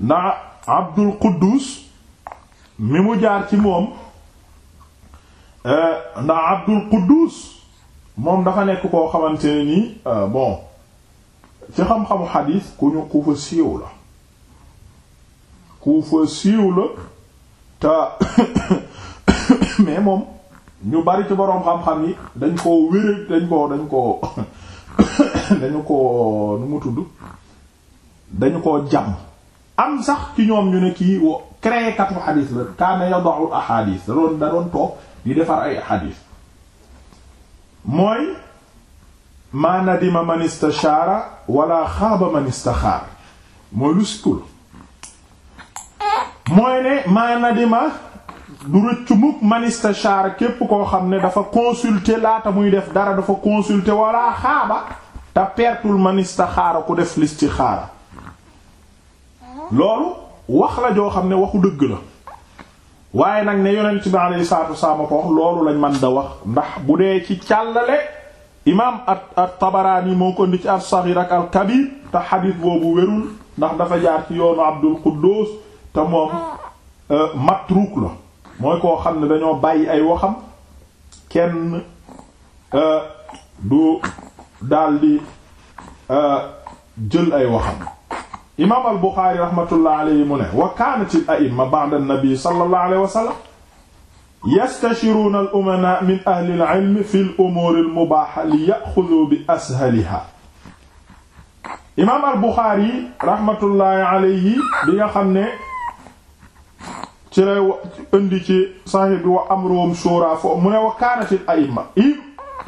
na Abdul Quddus mi mu jaar ci moom euh, ndaa Abdul Quddus moom dafa nekk koo xamante ne ni euh, bon ci xam-xamu xadiis ku ñu ku siiw la ku siiw la te mais moom ñu bari ci boroom xam-xam yi dañ koo wéré dañ ko dañ ko dañu ko nu mu tudd dañu ko jàmm am sax ci ñoom ñu ne kii wo créé katu xadis la kaana yada'u ahadis da doon toog di defar ay ahadis mooy maa nadima man istashara wala xaaba man istaxaar mooy lu sikul mooy ne maa nadima du rëccu mukk man istashara képp koo xam ne dafa konsulte laata muy def dara dafa consulter wala xaaba te pertul man istaxaara ku def listixaara loolu wax la joo xam ne waxu dëgg la waaye nag ne yonent bi alayhi salaatu wasalaam ko wax loolu lañ mën da wax ndax bu dee ci càllale imaam at at tabaraani moo ko indi ci as-saxiir ak al-kabiir te xadiis boobu wérul ndax dafa jaar ci yoonu abdul quddus te moom euh, matruuk la mooy koo xam ne dañoo bàyyi ay waxam kenn euh, du daldi euh, jël ay waxam imaam al Buxaari rahmatullah alayhi mu ne wa kaanat al a'imma ba'da an-nabi sallallahu alayhi wa sallam yastashiruuna al umanaa min ahli al ilm fi al umuur al mubaaha li ya'xudu bi ashalihaa imaam al Buxaari rahmatullah xam ne ci lay indi ci Sahih bi wa mu ne wa kaanat al a'imma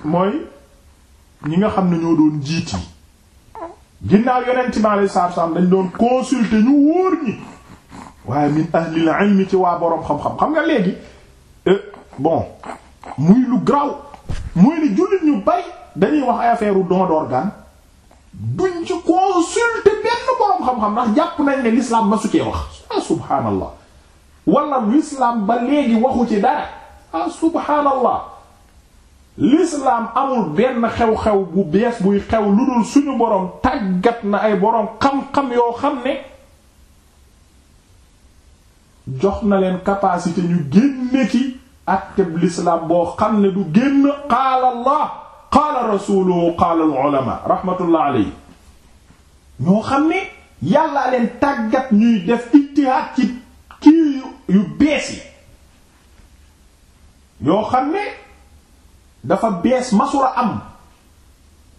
mooy ñi nga xam ne ñoo doon jiit ginnaaw yonent mi alayhi salaatu salaam dañ doon consulter ñu wóor ñi waaye min ahlil ilmi ci waa boroom xam-xam xam nga léegi eh, bon muy lu graw muy ni jullit ñu bari dañuy wax ay affaire u don d'organe duñ ci consulter benn boroom xam-xam ndax jàpp nañ ne l'islam ma su cee wax ah subhaanallah wala l'islam ba léegi waxu ci dara ah subhaanallah l'islam amul benn xew-xew bu bees buy xew lu dul suñu boroom tàggat na ay boroom xam-xam yoo xam ne jox na leen capacité ñu génne ci acteb l'islam boo xam ne du génn qaala allah qaala rasuluhu qaala al ulama rahmatullah alayhi ñoo xam ne yàllaa leen tàggat ñuy def ittihaad ci kii yu bees yi yoo xam ne dafa bees masula am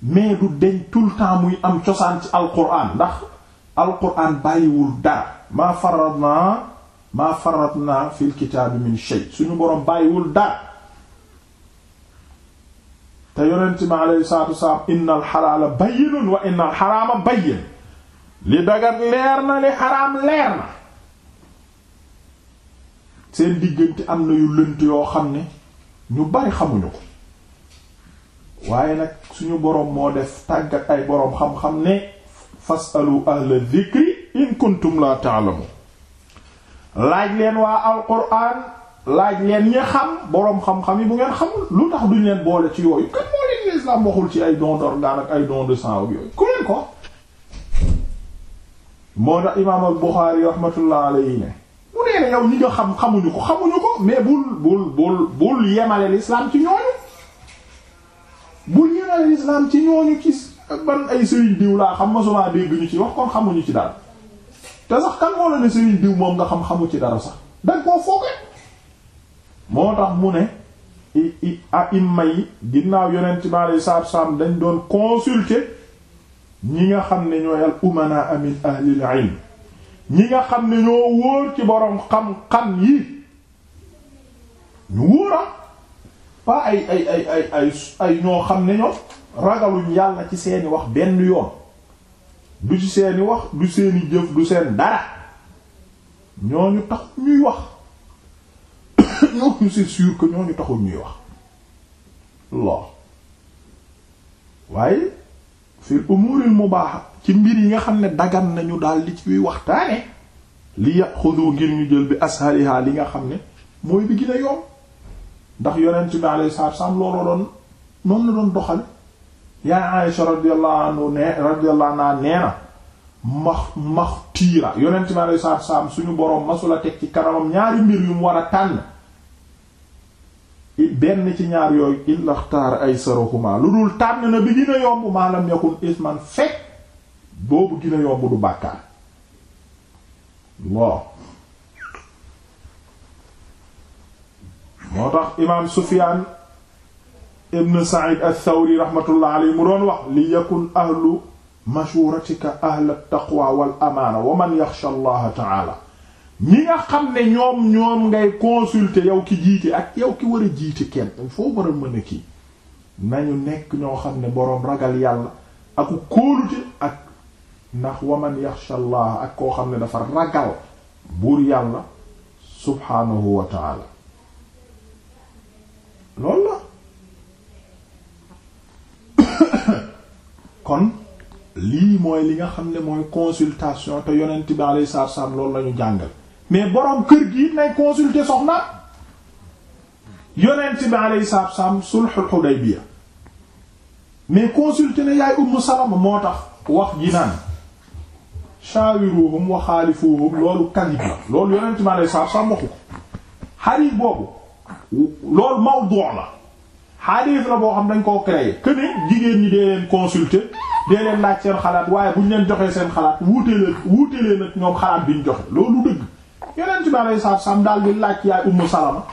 mais du deñ tout le temps muy am cosaan ci alquran ndax alquran bàyyiwul dara maa faratna maa faratna fil kitaabi min shay suñu borom bàyyiwul dara te yonent mi aleyhi salatu wasalaam inna al xalaala bayyinun wa inna al xaraama li dagat leer na li xaraam leer na seen diggante am na yu lënt yoo xam ne ñu bari xamuñu ko waaye nag suñu boroom moo def tàggat ay boroom xam-xam ne fasalu ahla dhikri in kuntum la ta'lamu laaj leen waa alquran laaj leen ñi xam boroom xam-xam yi bu ngeen xamul lu tax duñ leen boole ci yooyu kan moo leen l'islam waxul ci ay don d'organe ak ay don de sang ak yooyu ku leen ko moo tax imaam al Buxaari rahmatullah alayhi ne mu nee ne yow ñi nga xam xamuñu ko xamuñu ko mais bul bul bul bul yemale l'islam ci ñooy bul ñëwee islam ci ñooñu ci ban ay sëriñ diw laa xam ma souvent dégg ñu ci wax kon xamuñu ci dara te sax kan moo la ne sëriñ diw moom nga xam xamu ci dara sax dañ koo foogee. moo tax mu ne i i aima yi ginnaaw yeneen bi alei salatu salaam dañ doon consulter ñi nga xam ne ñooy al umana min ahlil ilm ñi nga xam ne ñoo wóor ci boroom xam-xam yi ñu wóora ah. ay ay ay ay ñoo xam ne ñoo ragaluñ yàlla ci seeni wax benn yoon du ci seeni wax du seeni jëf du seen dara ñooñu tax ñuy wax ñooñu c'est sûr que ñooñu taxul ñuy wax lool waaye fil umuril mubaaha ci mbir yi nga xam ne dagan nañu daal ci ciy waxtaane li yaxudu ngir ñu jël bi ashariha li nga xam ne mooy bi gën a ndax yonent bi alayhi salaatu wasalaam looloo doon noonu la doon doxale yaa Aisha radiyallahu anha ne radiyallahu anha nee na max max tiira yonent bi alayhi salaatu wasalaam suñu boroom masula teg ci kanamam ñaari mbir yu mu war a tànn benn ci ñaar yooyu illa xtaar aysarahuma lu dul tànn na bi gën yomb maa lam yakun isman fekk boobu gën yomb du bàkkaar waaw moo tax imaam Sufyaan ibn Sa'id ath-Thawri rahmatullah alayhi mu doon wax li yakun ahlu mashuratika ahla taqwa wal amaana wa man yaxsha allaha taala ñi nga xam ne ñoom ñoom ngay consulter yow ki jiite ak yow ki war a jiite kenn foo war a kii nañu nekk ñoo xam ne boroom ragal yàlla ak kóolute ak ndax wa man yaxsha ak koo xam ne dafa ragal buur yàlla subhaanahu wa taala loolu la kon lii mooy li nga xam ne mooy consultation te yonent bi alayhi salaatu salaam loolu la ñu jàngal mais borom kër gi nay consulter soxna yonent bi alayhi salaatu salaam sulhul Hudaybiya mais consulter ne yaay Ummu Salama moo tax wax ji naan shaawiruhum wa xaalifuhum loolu kadib la loolu yonent bi alayhi salaatu salaam waxu ko xarit boobu. loolu mawdu la xadiis la boo xam dañ koo créé que ni jigéen ñi dee leen consulter dee leen laaj seen xalaat waaye buñ leen joxee seen xalaat wuute leen wuute leen ak ñoom xalaat biñ joxe loolu dëgg yeneen ci daal saab daal di laaj yaay Ummu Salama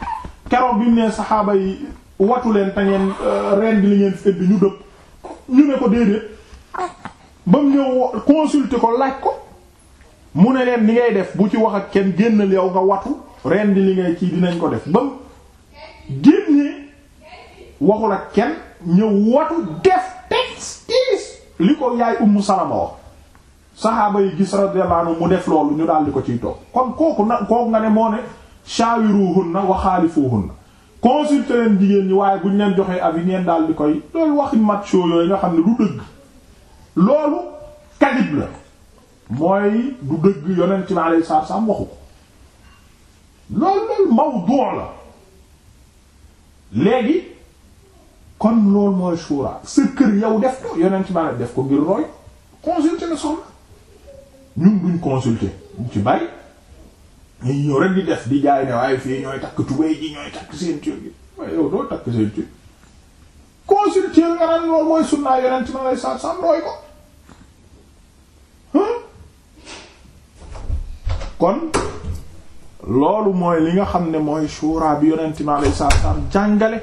keroog bi mu ne yi watu leen te ngeen euh, ren li ngeen fi ñu dëpp ñu ne ko déedéet ba mu ñëw consulter ko laaj ko mu ne leen li ngay def bu ci wax ak kenn génnal yow nga watu ren li ngay ci dinañ ko def ba génnee waxul ak kenn ñëw watu def tis tis li ko yaay ummu salama wax saxaaba yi gis radiyallahu anhu mu def loolu ñu daal ko ciy toog kon kooku na kooku nga ne moo ne shawiruhunna wa khalifuhunna consulté leen jigéen ñi waaye buñ leen joxee avis ñeen daal di koy loolu waxi macho yooyu nga xam ne du dëgg loolu kadib la mooy du dëgg yonent bi alayhi salaatu wa salaam waxu ko loolu loolu mawdu' la léegi kon loolu mooy shura sa kër yow def ko yonent ba def ko ngir roy consulter na ñun duñ consulter ñu ci bari ñu ñëw rek di def di jaay ne waaye fii ñooy takk tubéy ji ñooy takk seen tur gi waaye yow doo takk seen tur consulter nga naan loolu mooy sunnaa yonent ma lay sa sam roy ko kon loolu mooy li nga xam ne mooy shura bi yonent mi alayhi salaatu jàngale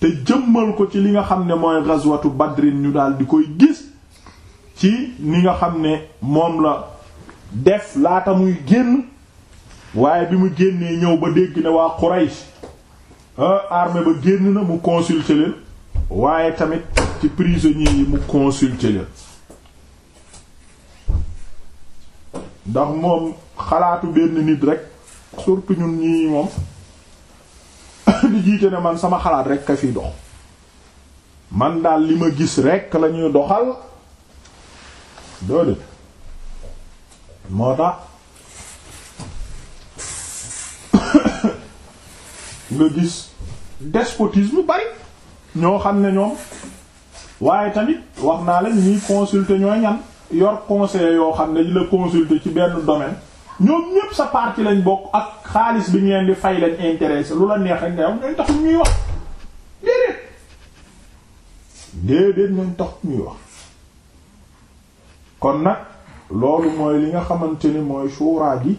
te jëmmal ko ci li nga xam ne mooy ghazwatu badrin ñu daal di koy gis ci ni nga xam ne moom la def laata muy génn waaye bi mu génnee ñëw ba dégg ne waa Quraysh armée ba génn na mu consulter leen waaye tamit ci prisonniers yi mu consulter leen ndax moom xalaatu benn nit rek surtout ñun ñii moom di jiite ne man sama xalaat rek a fiy dox man daal li ma gis rek la ñuy doxal doole moo tax nga gis despotisme bari ñoo xam ne ñoom waaye tamit wax naa la ñuy consulter ñooy ñan yor conseil yoo xam ne di la consulter ci benn domaine ñoom ñépp sa parti lañ bokk ak xaalis bi ngeen di fay lañ intéressé lu la neex rek nga wax ñooñ tax ñuy wax déedéet déedéet ñooñ tax ñuy wax kon nag loolu mooy li nga xamante ni mooy suuraa gi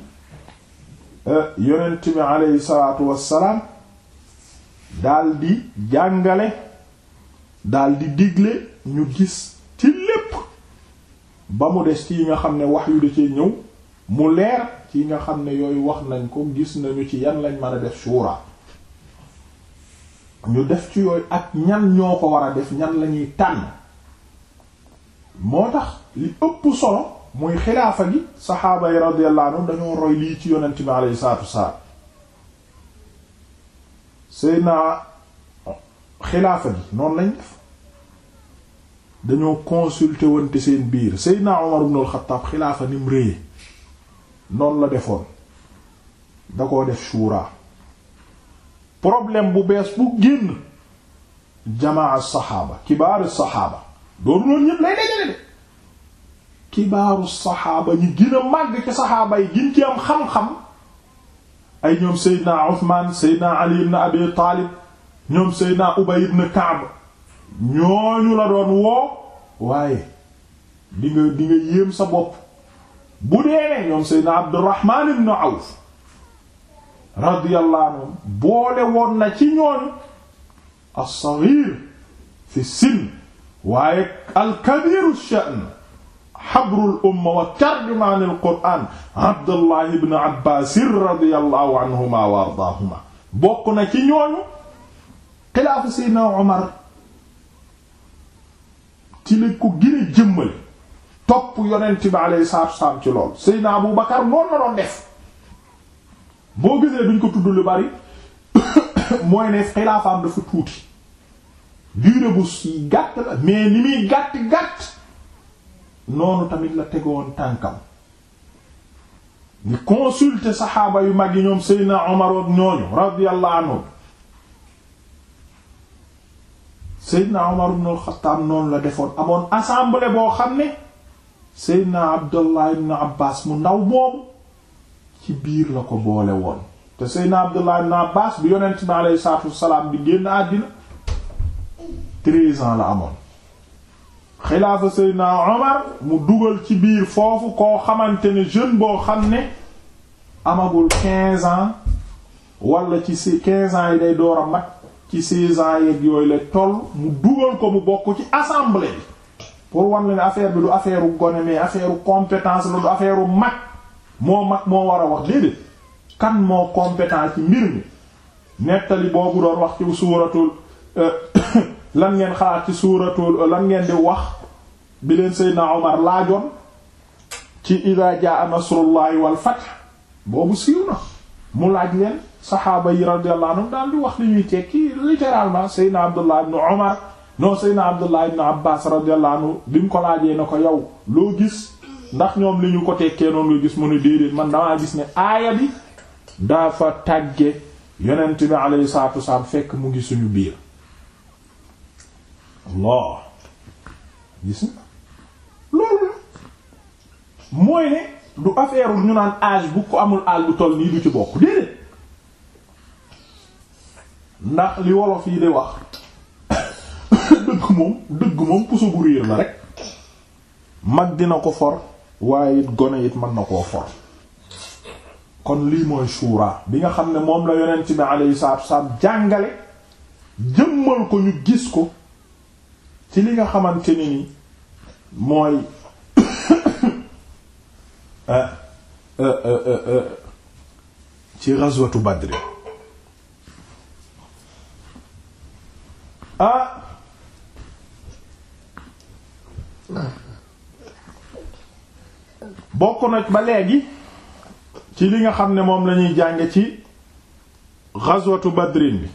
eh, yonent bi aleyhi salaatu wassalaam daal di jàngale daal di digle ñu gis ci lépp ba mu des ci yi nga xam ne wax yu da cee ñëw mu leer ci nga xam ne yooyu wax nañ ko gis nañu ci yan lañ mën a def suura ñu def ci yooyu ak ñan ñoo ko war a def ñan lañuy tànn moo tax li ëpp solo muy xilaafa gi saxaaba yi radiyallahu anhum dañoo roy lii ci yonent bi alayhi salaatu wasalaam Seydina xilaafa gi noonu lañ def dañoo consulté wante seen biir Seydina Umar ibn al-Khattab xilaafa nim rëye noonu la defoon da koo def shura problème bu bees bu génn jamaa saxaaba kibaaru saxaaba dooru noonu ñépp lay dajale de kibaaru saxaaba ñi gën a màgg ci saxaaba yi gin ci am xam-xam ay ñoom seydna Uthman seydna Ali ibn Abi Taalib ñoom seydna Ubay ibn Ka'b ñooñu la doon woo waaye di nga yéem sa bopp bu dee ne ñoom seydna Abdurrahman ibn Awf radiyallahu anhu boole woon na ci ñoon as-saghir fi sin waaye al-kabir ash-sha'n habrul umma wa tarjumaan al-Qur'an Abdullah ibn Abbas radiyallahu anhuma wa ardaahuma bokk na ci ñooñu xilaafu seydna Umar ci la ko gën a jëmmal topp yonent bi alayhi salaatu wasalaam ci lool Seydina Abu Bakar noonu la doon def boo gisee duñ ko tudd lu bari mooy ne xilaafaam dafa tuuti durée bu si gàtt la mais ni muy gàtt gàtt noonu tamit la tegoon tànkam di consulter saxaaba yu mag yi ñoom Seydina Omar ak ñooñu radiyallahu anhu Seydina Omar ibn al-Khattab noonu la defoon amoon assemblée boo xam ne seydna abdullah ibn abbas mu ndaw moomu ci biir la ko boole woon te seydna abdullah ibn abbas bi yonent bi aleyhi salaatu wassalaam di génn àddina treize ans la amoon xilaafa seydna omar mu dugal ci biir foofu koo xamante ni jeune boo xam ne amagul quinze ans wala ci si quinze ans yi day door a mat ci seize ans yeeg yooyu la toll mu dugal ko mu bokk ci assemblée pour wan la ne affaire bi du affaire u gone mais affaire u compétence la du affaire u mag moo mag moo war a wax déedéet kan moo compétent ci mbir mi nettali boobu doon wax ci suuratul euh, lan ngeen xalaat ci suuratul euh, lan ngeen di wax bi leen Seydina Omar laajoon ci idaa jaa nasrullahi wal fath boobu siiw na mu laaj leen saxaaba yi radiyallahu anhum daal di wax li ñuy tekki littéralement Seydina Abdullah ibn Omar non Seydina Abdullah ibn Abbas radiyallahu anhu bi mu ko laajee na ko yow loo gis ndax ñoom li ñu ko tekkee noonu nga gis mu ne man damaa gis ne aaya bi dafa tàgge yonent bi alayhi salaatu wasalaam fekk mu ngi suñu biir Allah gis na loolu mooy ne du affaire ñu naan âge bu ko amul âge bu toll nii du ci bokk déedéet ndax li wolof yi di wax que dëgg moom dëgg moom puso bu réer la rek mag dina ko for waaye it gone it mën na koo for kon lii mooy suuraa bi nga xam ne moom la yonent bi alayhi salaatu wasallam jàngale jëmmal ko ñu gis ko ci li nga xamante ni ni mooy euh, euh, euh, ci ghazwatu Badr ah bokk na ba léegi ci li nga xam ne moom lañuy jànge ci ghazwatu badrin bi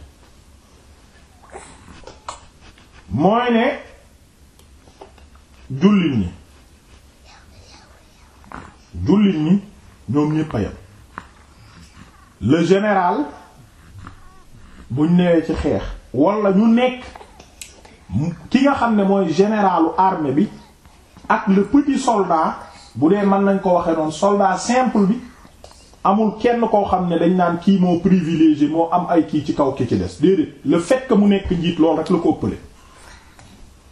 mooy ne jullit ñi jullit ñi ñoom ñépp yam le général buñ newee ci xeex walla ñu nekk ki nga xam ne mooy généralu armée bi at le petit soldat bu dee mën nañ ko waxee noonu soldat simple bi amul kenn koo xam ne dañ naan kii moo privilégié moo am ay kii ci kaw ki ci des déedéet la fekk mu nekk njiit loolu rek la ko ëppale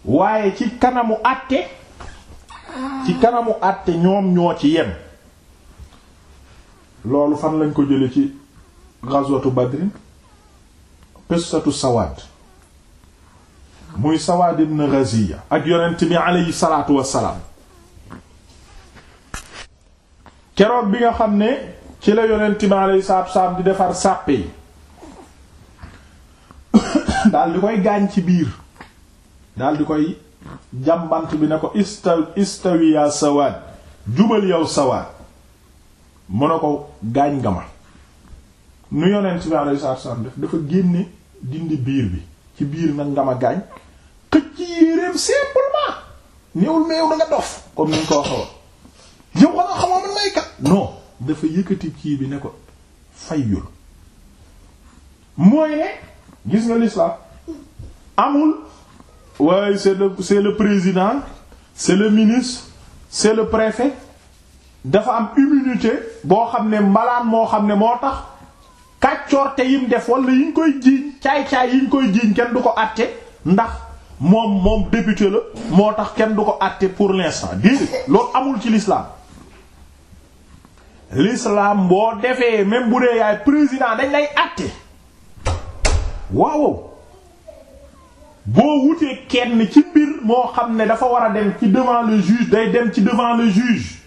waaye ci kanamu àtte ci kanamu àtte ñoom ñoo ci yem loolu fan lañ ko jële ci ghazwatu Badr qissatu Sawad muy Sawaad ibn Ghaziya ak yonent bi aleyhi salaatu wassalaam keroog bi nga xam ne ci la yonent bi aleyhi salaatu wassalaam di defar sàppe yi koy gaañ ci biir daal koy jàmbant bi ne ko istaw istawi yow Sawaad mu ne ko gaañ nga ma nu yonent bi aleyhi salaatu wassalaam dafa génne dindi biir bi ci biir nag nga ma gaañ xëcc yéreem simplement néewul mais yow da nga dof comme ni ñu ko waxee yow xanaa xamoo may kat non dafa yëkkati kii bi ne ko fay mooy ne gis nga l'islam amul waaye c'est le c'est le président c'est le ministre c'est le préfet dafa am immunité boo xam ne mbalaan moo xam ne moo tax kàccoorte yim def wala yi ñu koy jiiñ caay-caay yi ñu koy jiiñ kenn du ko àtte ndax moom moom député la moo tax kenn du ko àtte pour l'instant déedéet loolu amul ci l'islam l'islam boo defee même bu dee yaay président dañ lay àtte waaw boo wutee kenn ci mbir moo xam ne dafa war a dem ci devant le juge day dem ci devant le juge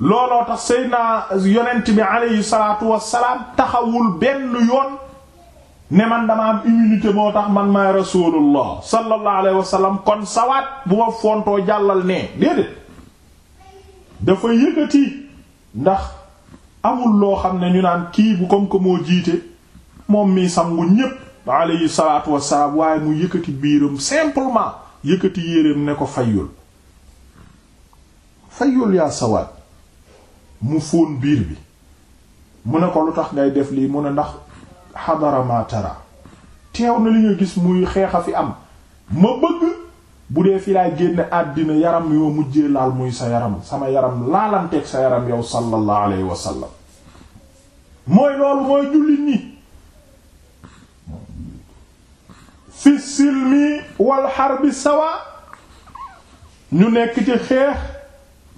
looloo tax Seydina yonent bi aleyhi salaatu wassalaam taxawul benn yoon ne man dama am immunité moo tax man maay rasulullah sallallahu alayhi wa sallam kon sawaat bu ma fontoo jàllal nee déedéet dafa yëkkati ndax amul loo xam ne ñu naan kii bu comme que moo jiite moom mi sangu ñépp alayhi salaatu wassalaam waaye mu yëkkati biiram simplement yëkkati yéreem ne ko fayyul fayyul yaa sawaat mu fóon biir bi mu ne ko lu tax ngay def lii mu ne ndax xadara ma teew na li nga gis muy xeex a fi am ma bëgg bu dee fi laay génne àddina yaram yoo mujjee laal muy sa yaram sama yaram laalanteeg sa yaram yow sallallahu alayhi wa mooy loolu mooy jullit ñi fi silmi wal harbi sawa ñu nekk ci xeex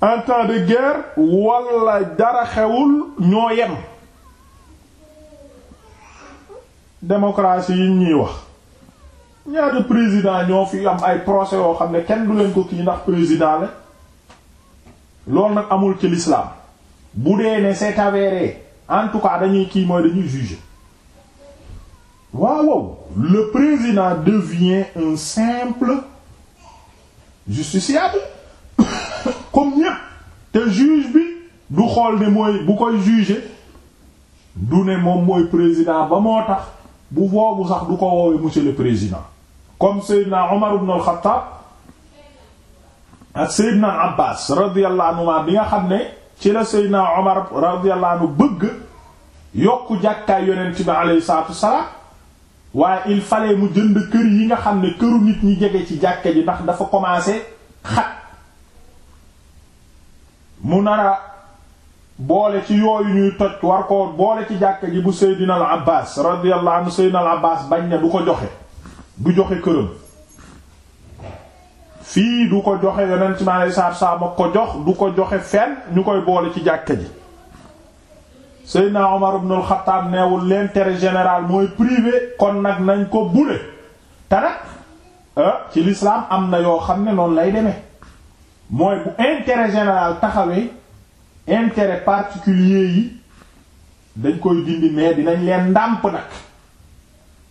en de guerre wala dara xewul ñoo yem démocratie yi ñuy wax ñaata président ñoo fi am ay procès yoo xam ne kenn du leen ko kii ndax président la loolu nag amul ci l'islam bu dee ne c'est avéré en tout cas dañuy kii mooy dañuy juger waaw waaw le président devient un simple justiciable comme ñépp te juge bi du xool ne mooy bu koy juger du ne moom mooy président ba moo tax bu boobu sax du ko woowee monsieur le président comme Seydina Omar ibn al-Khattab ak Seydina Abbas radiyallahu anhuma bi nga xam ne ci la Seydina Omar radiyallahu anhu bëgg yokku jàkkaay yonent bi alayhi salaatu wassalaam waaye il fallait mu jënd kër yi nga xam ne këru nit ñi jege ci jàkka ji ndax dafa commencé xat mu nara boole ci yooyu ñuy toj war ko boole ci jàkka ji bu Seydina al Abbas radiyallahu anhu Seydina al Abbas bañ ne du ko joxe du joxe këram fii du ko joxe yonent mi alei saatu salaam ak ko jox du ko joxe fenn ñu koy boole ci jàkka ji Seydina Omar ibn al Khattab neewul l'intérêt général mooy privé kon nag nañ ko bule te ah, ci lislaam am na yoo xam ne noonu lay demee mooy bu intérêt général taxawee intérêt particulier yi dañ koy dindi mais dinañ leen ndàmp nag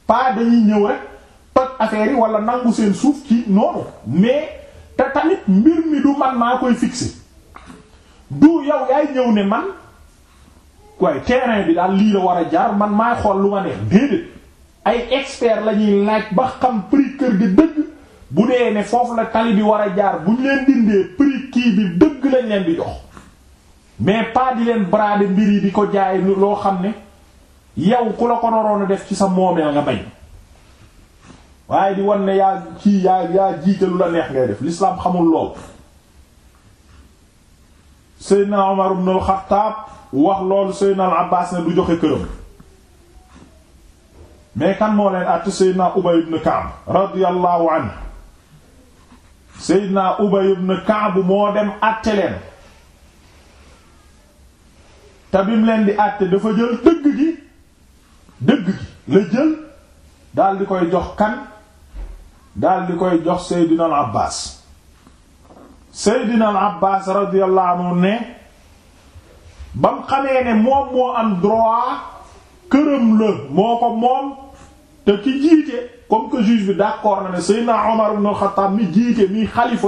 pas dañuy ñëw rek pat affaire yi wala nangu seen suuf ci noonu mais te tamit mbir mi du man maa koy fixer du yow yaay ñëw ne man waaye terrain bi daal lii la war a jaar man maa xool lu ma neex déedéet ay expert lañuy laaj ba xam prix kër gi dëgg bu dee ne foofu la tali bi war a jaar buñ leen dindee prix kii bi dëgg lañ leen di jox mais pas di leen brader mbir yi di ko jaay loo xam ne yow ku la ko naroon def ci sa moomeel nga bañ waaye di wan ne yaa kii yaa yaa jiitalu la neex ngay def l'islam xamul lool Seydina Omar ibn al-Khattab joxe këram mais kan moo leen Ubay ibn Ka'b radiyallahu anhu Seydina Ubay ibn Ka'b moo dem àtte leen te bi mu leen di àtte dafa jël dëgg gi dëgg gi la jël daal di koy jox kan daal di koy jox Seydina al Abbaas Seydina al Abbaas radiyallahu anhu ne ba mu xamee ne moom moo am droit këram la moo ko moom te ki jiite comme que juge bi d'accord na ne Seydina Omar ibn Khattab mi jiite mi xalifa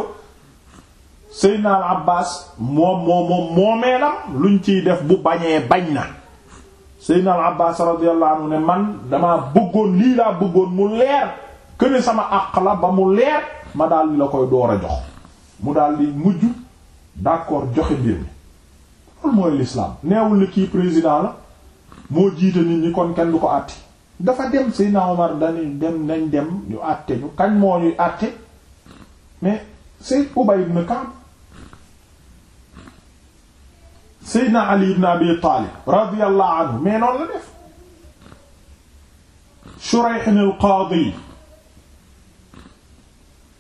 Seydina al Abbas moom moom moom moomeelam luñ ciy def bu bañee bañ na Seydina al Abbas radiyallahu ne man damaa bëggoon lii laa bëggoon mu leer këne sama àq la ba mu leer ma daal di la koy door a jox mu daal di mujj d'accord joxe mbir mi loolu mooy l'islam neewul ni kii président la moo jiite nit ñi kon kenn du ko àtte dafa dem Seydina Omar dañuy dem nañ dem ñu àtte ñu kañ moo ñuy àtte mais. Sayyid Ubay ibn Ka'b Sayyidna Ali ibn Abi Talib radiyallahu anhu mais noonu la def Shurayh al-Qadi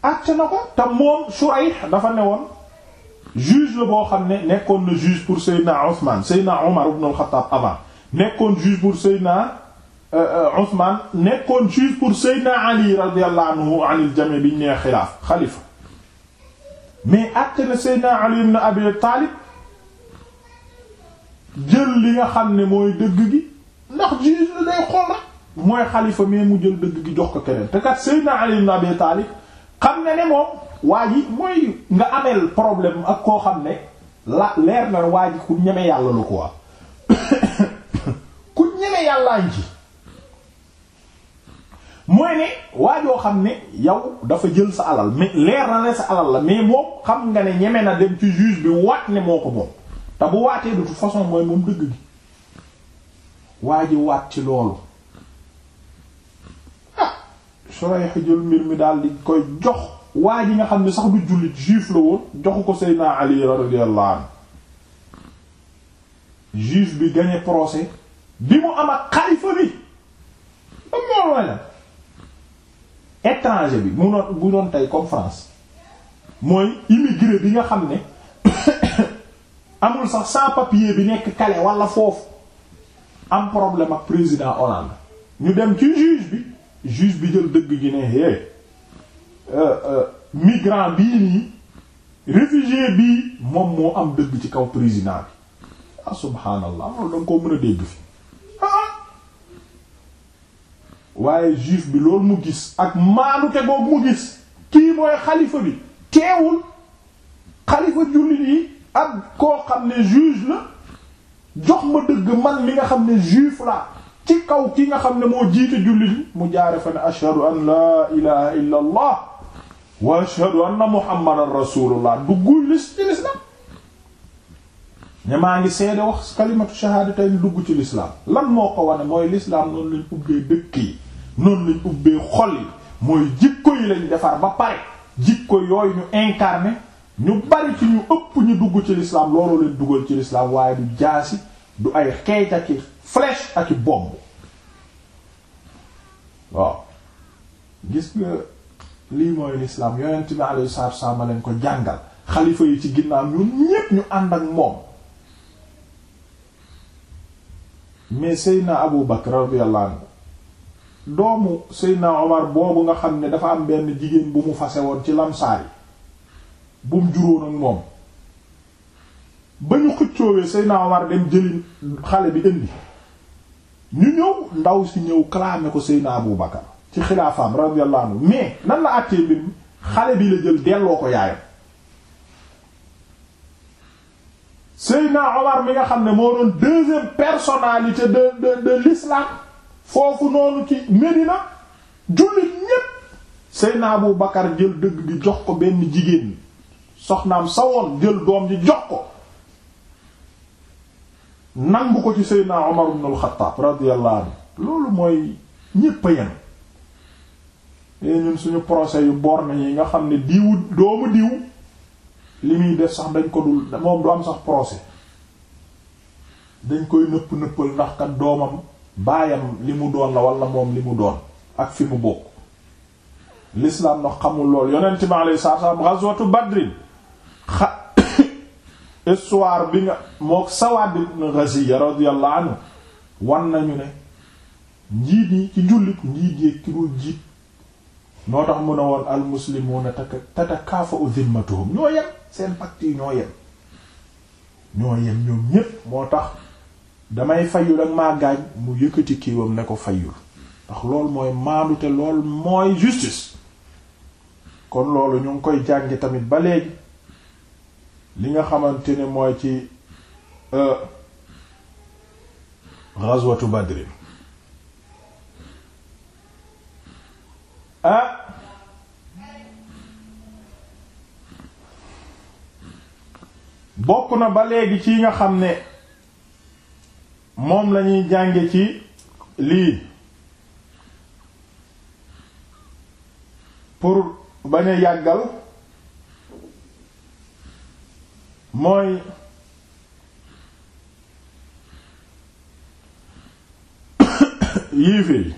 àtte na ko te moom Shurayh dafa newoon juge la boo xam ne nekkoon na juge pour Seydina Ousmane Seydina Omar ibn al-Khattab avant nekkoon juge pour Seydina euh, euh, Ousmane nekkoon juge pour Seydina Ali radiyallahu anhu anil jami' biñ nee xilaaf xalifa mais àtte na Seydina Ali ibn Abi Taalib jël li nga xam ne mooy dëgg gi ndax juge la day xool mooy xalifa mais mu jël dëgg gi jox ko keneen te kat Seydina Ali ibn Abi Taalib xam na ne moom waa ji mooy nga ameel problème ak koo xam ne la leer na waa ji ku ñeme yàlla lu quoi ku ñeme yàllaa nji mooy ne waa joo xam ne yow dafa jël sa alal mais leer na ne sa alal la mais moom xam nga ne ñeme na dem ci juge bi waat ne moo ko moom te bu waatee de façon mooy moom dëgg gi waa ji waat ci loolu ah Surayh jël mbir mi daal di koy jox waa ji nga xam ne sax du jullit juif la woon joxu ko Seydina Ali radiyallahu anhu juif bi gagné procès bi mu am ak xalifa bi am moom la étranger bi mu noon bu doon tey comme mooy immigré bi nga xam ne amul sax sans papier bi nekk Calais walla foofu am problème ak président Hollande ñu dem ci juge bi juge bi jël dëgg gi ne é eh, euh, euh, migrant bii nii réfugié bii moom moo am dëgg ci kaw président bi ah subhaanallah loolu da nga koo mën a dégg fi waaye juif bi loolu mu gis ak maanute boobu mu gis kii mooy xalifa bi teewul xalifa jullit yi ak koo xam ne juge la jox nga xam ne juif la ci kaw ki nga xam ne moo jiite jullit yi mu jaare fa ne an laa ilaha illa allah wa ashhadu anna muhammadan rasulullah duggul lis ci l'islam ne maa ngi seede wax kalimatu shahaada tey dugg ci l'islam lan moo ko wane mooy l'islam noonu lañ ubbee dëkk yi noonu lañ ubbee xol yi mooy jikko yi lañ defar ba pare ko yooyu ñu incarné ñu bari ci ñu ëpp ñu dugg ci l'islam loolu leen dugal ci l'islam waaye du jaasi du ay xeej ak i flèche ak i bomb waaw gis nga lii mooy l'islam yonent bi alayhi salaatu wassalaam leen ko jàngal xalifa yi ci ginnaaw ñun ñépp ñu ànd ak moom mais Seydina Abu Bakr radiyallahu anhu doomu Seydina Omar boobu nga xam ne dafa am benn jigéen bu mu fasewoon woon ci lamsaay bu mu juróon ak moom ba ñu xëccoowee Seydina Omar dem jëli xale bi indi ñu ñëw ndaw si ñëw clamer ko Seydina Abu Bakar ci xilaafaam radiyallahu anhu nan la àttee bi xale bi la jël delloo ko yaayam Seydina Omar mi nga xam ne moo doon deuxième personnalité de de de l'islam foofu noonu ci Medina jullit ñépp Seydina Abu Bakar jël dëgg gi jox ko benn jigéen soxnaam sawoon jël doom ji jox ko nangu ko ci Seydina Umar ibn al-Khattab loolu mooy ñépp a yee eh, ñun suñu procès yu borne yi nga xam ne diwu doomu diw li muy def sax dañ ko dul moom du am sax procès dañ koy nëpp nëppal ndax kat doomam baayam li mu doon la wala moom li mu doon ak fi mu bokk l'islam na xamul lool yonent bi alayhi salaam ghazwatu badrin xa histoire bi nga mook Sawaad Ghaziya radiyallahu anhu wan nañu ne njiit yi ci jullit njiit yi ki dul jiit noo tax mën a woon al muslimuuna tatakaafa'u dhimmatuhum ñoo yem seen pacte ñoo yem ñoo yem ñoom ñépp moo tax damay fayul ak maa gaañ mu yëkkati kiiwam ne ko fayul ndax loolu mooy maandu te loolu mooy justice kon loolu ñu ngi koy jàngi tamit ba léegi li nga xamante ne mooy ci euh, ghazwatu Badr ah bokk na ba léegi ci nga xam ne moom lañuy jànge ci lii pour bañ a yàggal mooy yiiféey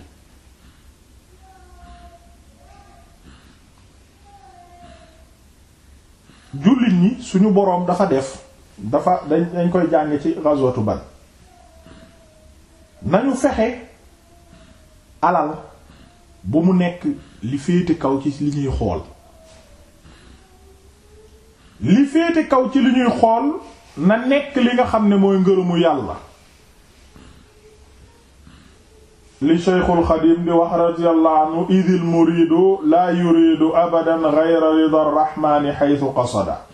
jullit ñi suñu boroom dafa def dafa dañ dañ koy jànge ci ghazwatu Badr nañu fexe alal bu mu nekk li féete kaw ci li ñuy xool li féete kaw ci li ñuy xool na nekk li nga xam ne mooy ngërëmu yàlla li Cheikhul Xadim di wax radiyallahu idil muridu la yuridu abadan ghayra ridar rahmani haythu qasada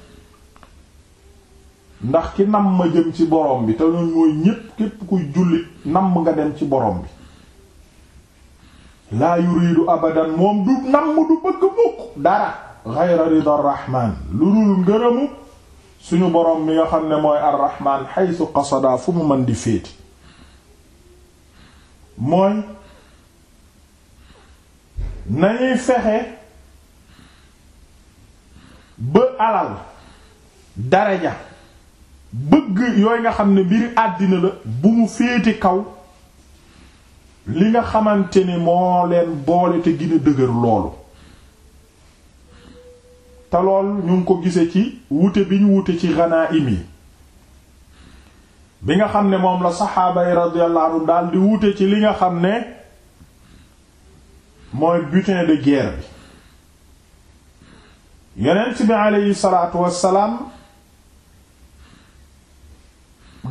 ndax ki nam ma jëm ci borom bi te ñun ñépp képp kuy jullit nam nga dem ci borom bi laa yuridu abadan moom du nam du bëgg mukk dara ghayra ridar rahman lu dul ngërëmu suñu borom mi nga xam ne mooy arrahman haythu qasada fu mu mën di féeti mooy nañuy fexe ba alal daraja bëgg yooy nga xam ne mbiri àddina la bu mu féete kaw li nga xamante ni moo leen boole te gën dëgër loolu te lool ñu ngi ko gise ci wute bi ñu wute ci ghanaim yi bi nga xam ne moom la saxaaba yi radiyallahu wute ci li nga xam ne mooy butin de guerre bi yonent bi aleyhi salaatu wassalaam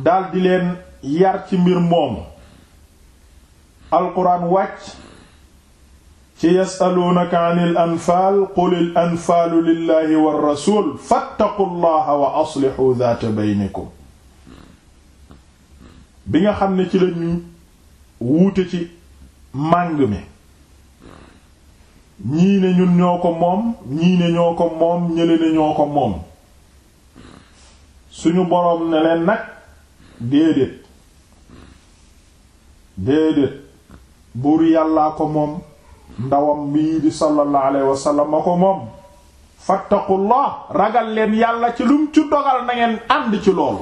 daldi leen yar ci mbir moomu alquran wàcc ci yasaluunaka anfaal qulil anfaalu lillahi war rasul fattaqullaha wa aslixu daata baynikum bi nga xam ne ci lañu wuute ci màng mi ñii ne ñun ñoo ko moom ñii ne ñoo ko moom ñële ne ñoo ko moom suñu boroom ne leen nag déedéet déedéet buur yàllaa ko moom ndawam bi di sallallahu alayhi wa sallam ma ko moom fattaqullah ragal leen yàlla ci lum ci dogal na ngeen ànd ci loolu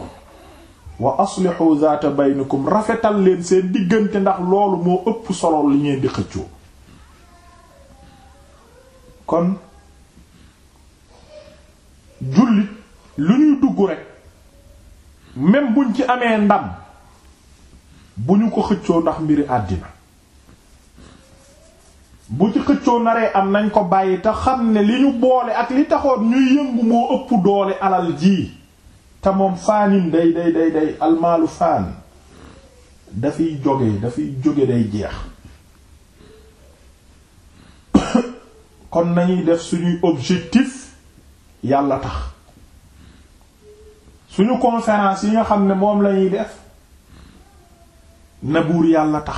wa aslihu zaata baynikum rafetal leen seen diggante ndax loolu moo ëpp solo li ngeen di xëccoo kon jullit lu ñuy dugg rek même buñ ci amee ndam bu ñu ko xëccoo ndax mbiri àddina bu ci xëccoo naree am nañ ko bàyyi te xam ne li ñu boole ak li taxoon ñuy yëngu moo ëpp doole alal ji te moom faanin day day day day almaalu faan dafay jóge dafay jóge day jeex kon nañuy def suñuy objectif yàlla tax suñu conférence yi nga xam ne moom lañuy def na buur yàlla tax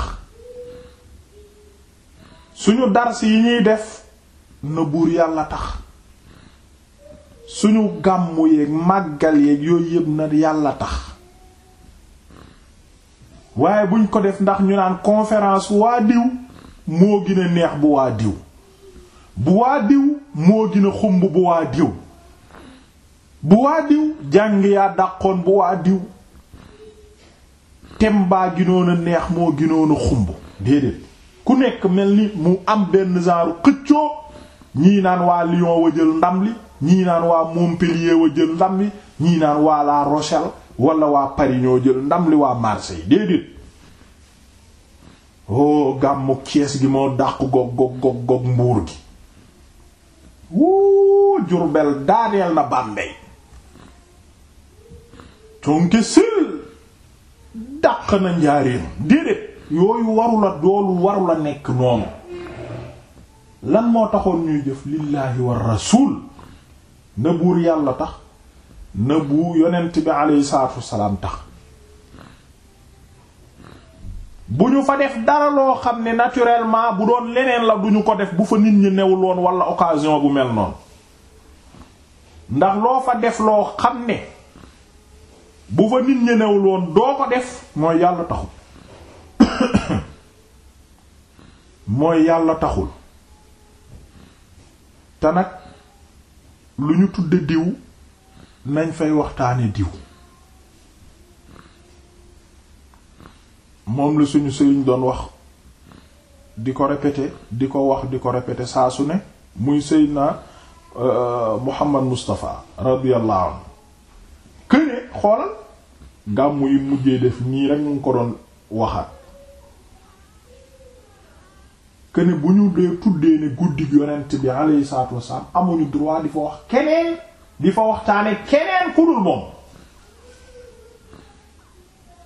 suñu dars yi ñuy def na buur yàlla tax suñu gàmmu yeeg màggal yeeg yooyu yëpp na yàlla tax waaye buñ ko def ndax ñu naan conférence waa diw moo gën a neex bu waa diw bu waa diw moo gën a xumb bu waa diw bu waa diw jàng yaa dàqoon bu waa diw tem baa ginoon neex moo ginoon a xumb déedéet ku nekk mel ni mu am benn genre xëccoo ñii naan waa Lyon wa jël ndam li ñii naan waa Montpellier wa jël ndam li ñii naan waa La Rochelle wala waa Paris ñoo jël ndam li waa Marseille déedéet oh gàmmu Cees gi moo dàq gog gog gog gog mbuur gi wuu Jurbel daaneel na Bambey conke sil dàq na njaareem déedéet yooyu warula doolu warula nekk noonu lan moo taxoon ñuy jëf lillaahi war rasuul na buur yàlla tax na bu yonent bi aleyhi salaatu salaam tax bu ñu fa def dara loo xam ne naturellement bu doon leneen la duñu ko def bu fa nit ñi newul woon walla occasion bu mel noonu ndax loo fa def loo xam ne bu fa nit ñi woon doo ko def mooy yàlla taxul mooy yàlla taxul te nag lu ñu tudde diw nañ fay waxtaane diw moom la suñu sëriñ doon wax di ko répéter di ko wax di ko répéter saa su ne muy Seydina euh, Muhammad Mustafa radiyallahu anhu këne xoolal gàmmu yi mujjee def nii rek ñu ngi ko doon waxaat këne bu ñu dee tuddee ne guddi yonent bi alayhi salaatu wassalaam amuñu droit di fa wax keneen di fa waxtaane keneen ku dul moom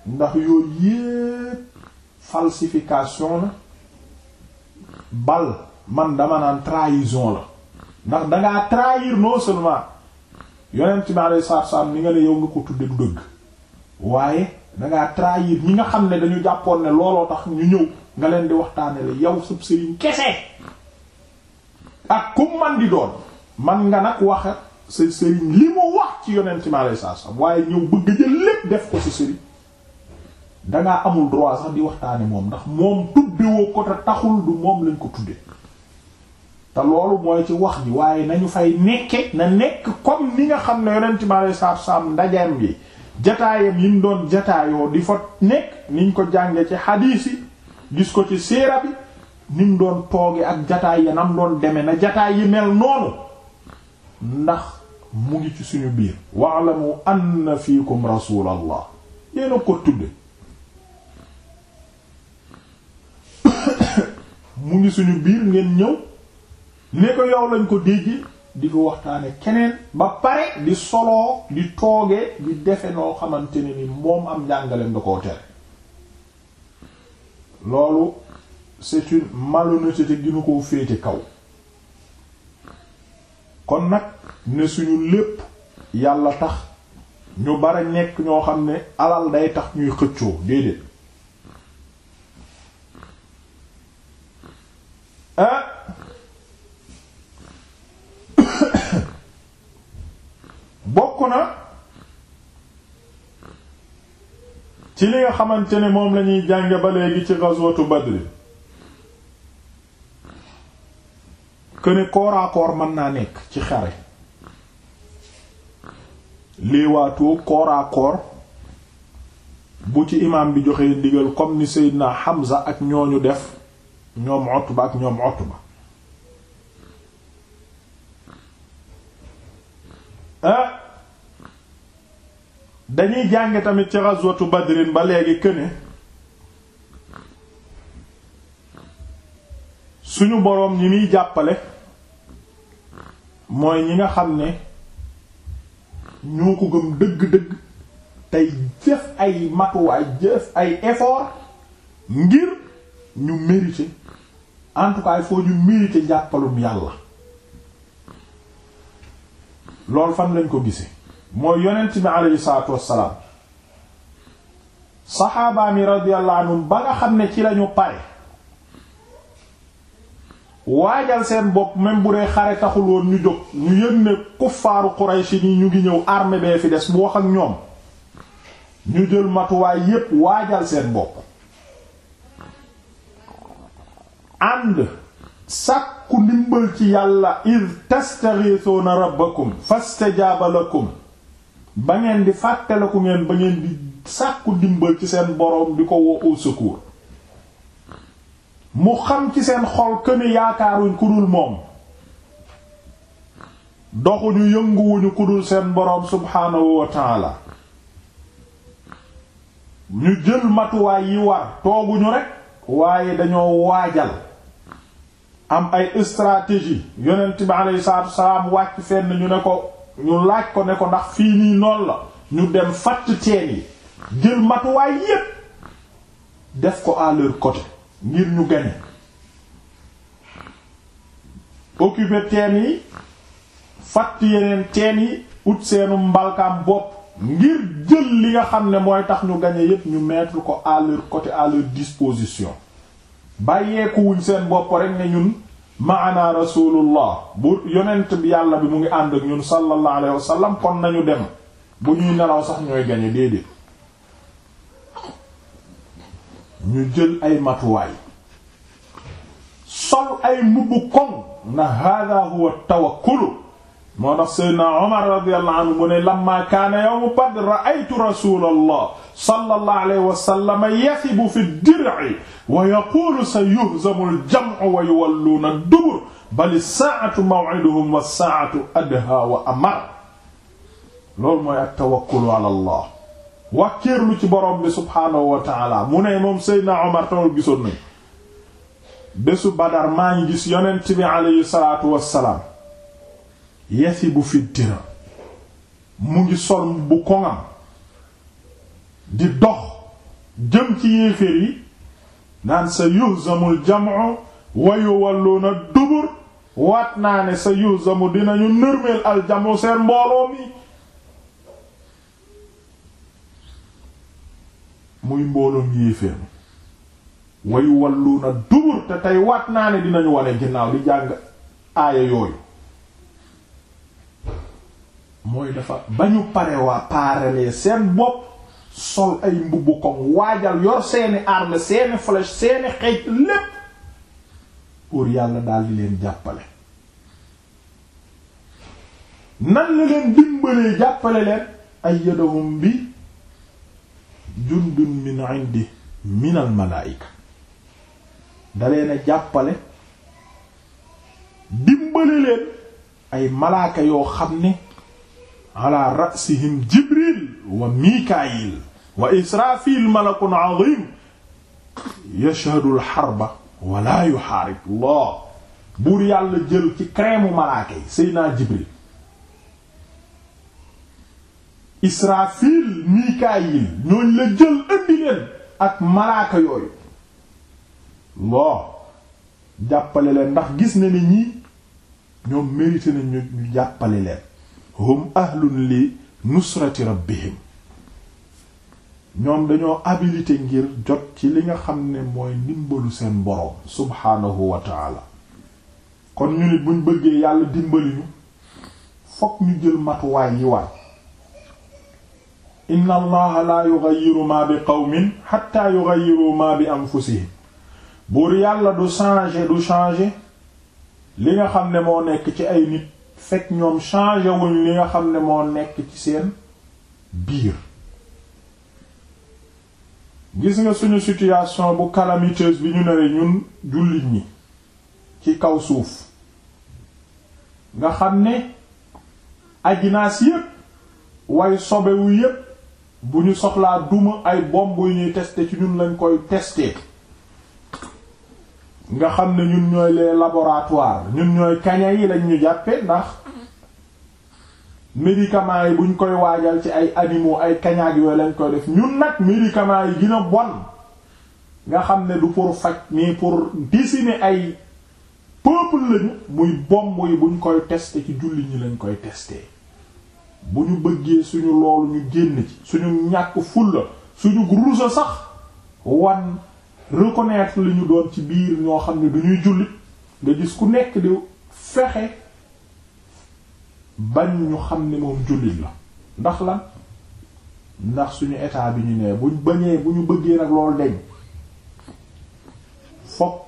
ndax yooyu yépp falsification la bal man dama naan trahison la ndax dangaa trahir non seulement yonent bi alayhi salaatu salaam ni nga ne yow nga ko tudde du dëgg waaye dangaa trahir ñi nga xam ne dañu jàppoon ne looloo tax ñu ñëw nga leen di waxtaane la yow sab sëriñ kese ak ku man di doon man nga nag wax sa sëriñ li mu wax ci yonent bi alayhi salaatu waaye ñëw bëgg jël lépp def ko sa sëriñ dangaa amul droit sax di waxtaane moom ndax moom tuddewoo ko te taxul du moom lañ ko tudde te loolu mooy ci wax bi waaye nañu fay nekke na nekk comme ni nga xam ne yonent mi alei saatu salaam ndajeem bi jataayam yi mu doon jataayoo di fa nekk niñ ko jànge ci xadiis yi gis ko ci siira bi ni doon tooge ak jataay ya nam doon deme na jataay yi mel noonu ndax mu ngi ci suñu biir wa'lamu anna fiikum rasulallah yéena ko tudde mu ngi suñu biir ngeen ñëw ne yow lañ ko dégg di ko waxtaane keneen ba pare di soloo di toogee di defe noo xamante ne ni moom am njàngaleem da koo tere loolu c'est une malhonnêteté ginu koo féete kaw kon nag ne suñu lépp yàlla tax ñu bare nekk ñoo xam ne alal day tax ñuy xëccoo déedéet ah, bokk na ci li nga xamante ne moom lañuy ñuy jànge ba léegi ci ghazwatu Badr que ne corps mën naa nekk ci xare léewaatoo corps bu ci imaam bi joxe digal comme ni Seydina Hamza ak ñooñu def ñoom Utba ak ñoom Utba Ah. dañuy jànge tamit ci ghazwatu badrin ba léegi këne suñu boroom ñi muy jàppale mooy ñi nga xam ne ñoo ko gëm dëgg-dëgg tey jëf ay matuwaay jëf ay effort ngir ñu mériter en tout cas il faut ñu mériter jàppalum yàlla loolu fan lañ ko gise mooy yonent bi aleyhi salaatu wassalaam saxaabaa mi radiyallahu anhum ba nga xam ne ci lañu pare waajal seen bopp même bu dee xare taxul woon ñu jóg ñu yëg ne kuffaaru Quraysh ni ñu ngi ñëw armée bee fi des bu wax ak ñoom ñu jël matuwaay yépp waajal seen bopp ànd sàkk sàkku ndimbal ci yàlla iz tastaghithuna rabbakum fastajaaba lakum ba ngeen di ku ngeen ba ngeen di sàkku ndimbal ci seen boroom di ko woo au mu xam ci seen xol këni yaakaaruñ ku dul moom doxuñu yënguwuñu ku dul seen boroom subhaanahu wa ta'ala ñu jël matuwaay yi war tooguñu rekk waaye dañoo waajal am ay stratégie yonent bi aleyhi salaatu wasalaam wàcc fenn ñu ne ko ñu laaj ko ne ko ndax fii nii noonu la ñu dem fatt teen yi jël matuwaay yépp def ko à leur côté ngir ñu gañe occuper teen yi fatt yeneen teen yi ut seenu mbalkaam bopp ngir jël li nga xam ne mooy tax ñu gañe yépp ñu mettre ko à leur côté à disposition bàyyeekuwuñ seen bopp rek ne ñun maana rasulullah bu yonent bi yàlla bi mu ngi ànd ak ñun sallallahu alayhi kon nañu dem bu ñuy nelaw sax ñooy gañe déedéet ñu jël ay matuwaay sol ay mbubb koŋ na hada huwa tawakkulu moo tax seydna omar radiyallahu anhu mu ne lamma kaana yawmu badr ra'aytu rasulallah sallallahu alayhi wa sallam yathibu fi dir'i wa yaqulu sayuhzamu al-jam'u wa yuwalluuna ad-dubur bal as-saa'atu maw'iduhum was-saa'atu adhaa wa amar loolu mooy ak tawakkulu ala allah wàkkeerlu ci borom bi subhaanahu wa ta'ala mu ne moom seydna omar tawul gisoon nañ bésu badar maa ngi gis yonent bi alayhi salaatu wassalaam yasi bu fittira mu ngi sol bu koŋam di dox jëm ci yéeféer yi naan sa yuhzamul jam'u wa yuwalluna dubur waat naa ne sa yuhzamu dinañu nërmeel aljamu seen mbooloo mi muy mbooloom yéeféer mi wa yuwalluna dubur te tey waat naa ne dinañu wale ginnaaw di jàng aaya yooyu mooy dafa ba ñu pare waa paaralee seen bopp sol ay mbubb koŋ waajal yor seeni arme seeni flèche seeni xeej lépp pour yàlla daal di leen jàppale nan la leen dimbalee jàppale leen ayyadahum bi jundun min indi min al malaayika da leen a jàppale dimbale leen ay malaaka yoo xam ne ala rasihim jibril wa mikaayil wa israfil malakun azim yashhadu alxarba yàlla jël ci crème malaaka yi seydinaa jibril israfil mikaayil ñooñ la jël indi ak malaaka yooyu loo jàppale leen ndax gis na ne ñii ñoom na ñu jàppale hum ahlun li nusrati rabbihim ñoom dañoo habilité ngir jot ci li nga xam ne mooy ndimbalu seen boroom subhaanahu wa kon ñu nit buñ bëggee yàlla dimbali ñu fokk ñu jël matuwaay yi waay inna allaha la yughayyiru ma bi qawmin hatta yughayyiru ma bi anfusihim buur yàlla du changer du changer li nga xam ne moo nekk ci ay nit fekk ñoom changé wuñ li nga xam ne moo nekk ci seen biir gis nga suñu situation bu calamiteuse bi ñu newee ñun jullit ñi ci kaw suuf nga xam ne ajinaas yépp way sobewu yépp bu ñu soxlaa duma ay bomb yu ñuy tester ci ñun lañ koy tester nga xam ne ñun ñooy les laboratoires ñun ñooy kaña yi lañ ñu jàppee ndax médicaments yi buñ koy waajal ci ay animaux ay kañaag yooyu lañ koy def ñun nag médicaments yi gina a bon nga xam ne du pour faj mais pour dessiner ay peuple lañu muy bomb yi buñ koy tester ci julli ñi lañ koy tester bu ñu bëggee suñu loolu ñu génn ci suñu ñàkk fulla suñu rusa sax wan reconnaître li ñu ci biir ñoo xam ne du ñuy jullit nga gis ku nekk di fexe bañ ñu xam ne moom jullit la ndax la ndax suñu état bi ñu nee buñ bañee bu ñu bëggee nag loolu deñ fokk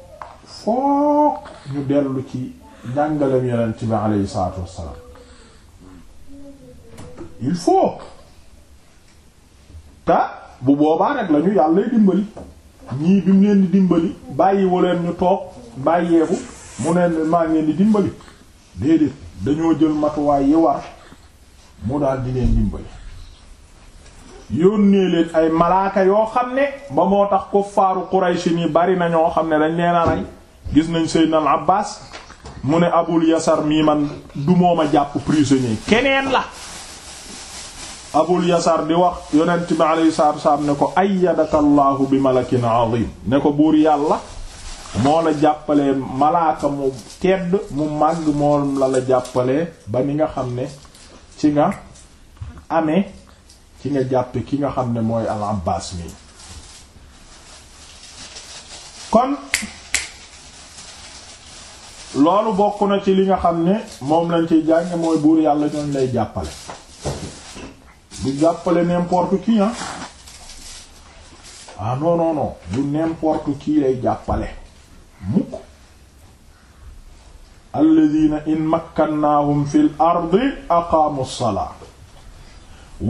fokk ñu dellu ci jàngalem yonent bi aleyhi salaatu wassalaam il faut ta bu boobaa rek lañu yàlla dimbali ñii bi mu leen di dimbali bàyyiwu leen ñu toog bàyyeebu mu ne maa ngi di dimbali déedéet dañoo jël matuwaay yi war mu daal di leen dimbali yónnee leen ay malaaka yoo xam ne ba moo tax ko faaru Quraysh ni bari na ñoo xam ne dañ leen a rey gis nañ Seydina al Abbaas mu ne Abul Yasar mii man du moom a jàpp prisonnier keneen la abul yasar di wax yonent bi alayhi salaatu wasalaam ne ko ayyadaka allahu bi malakin azim ne ko buur yàlla moo la jàppalee malaaka mu tedd mu màgg moom la la jàppalee ba ni nga xam ne ci nga amee ci nga jàppe ki nga xam ne mooy al abbas mi kon loolu bokk na ci li nga xam ne moom lañ ciy jàng mooy buur yàlla ñoom lay jàppale du jàppale n'importe qui ah ah non non non du n'importe qui lay jàppale mukk alladina in makkannahum fil ardi aqaamu salaa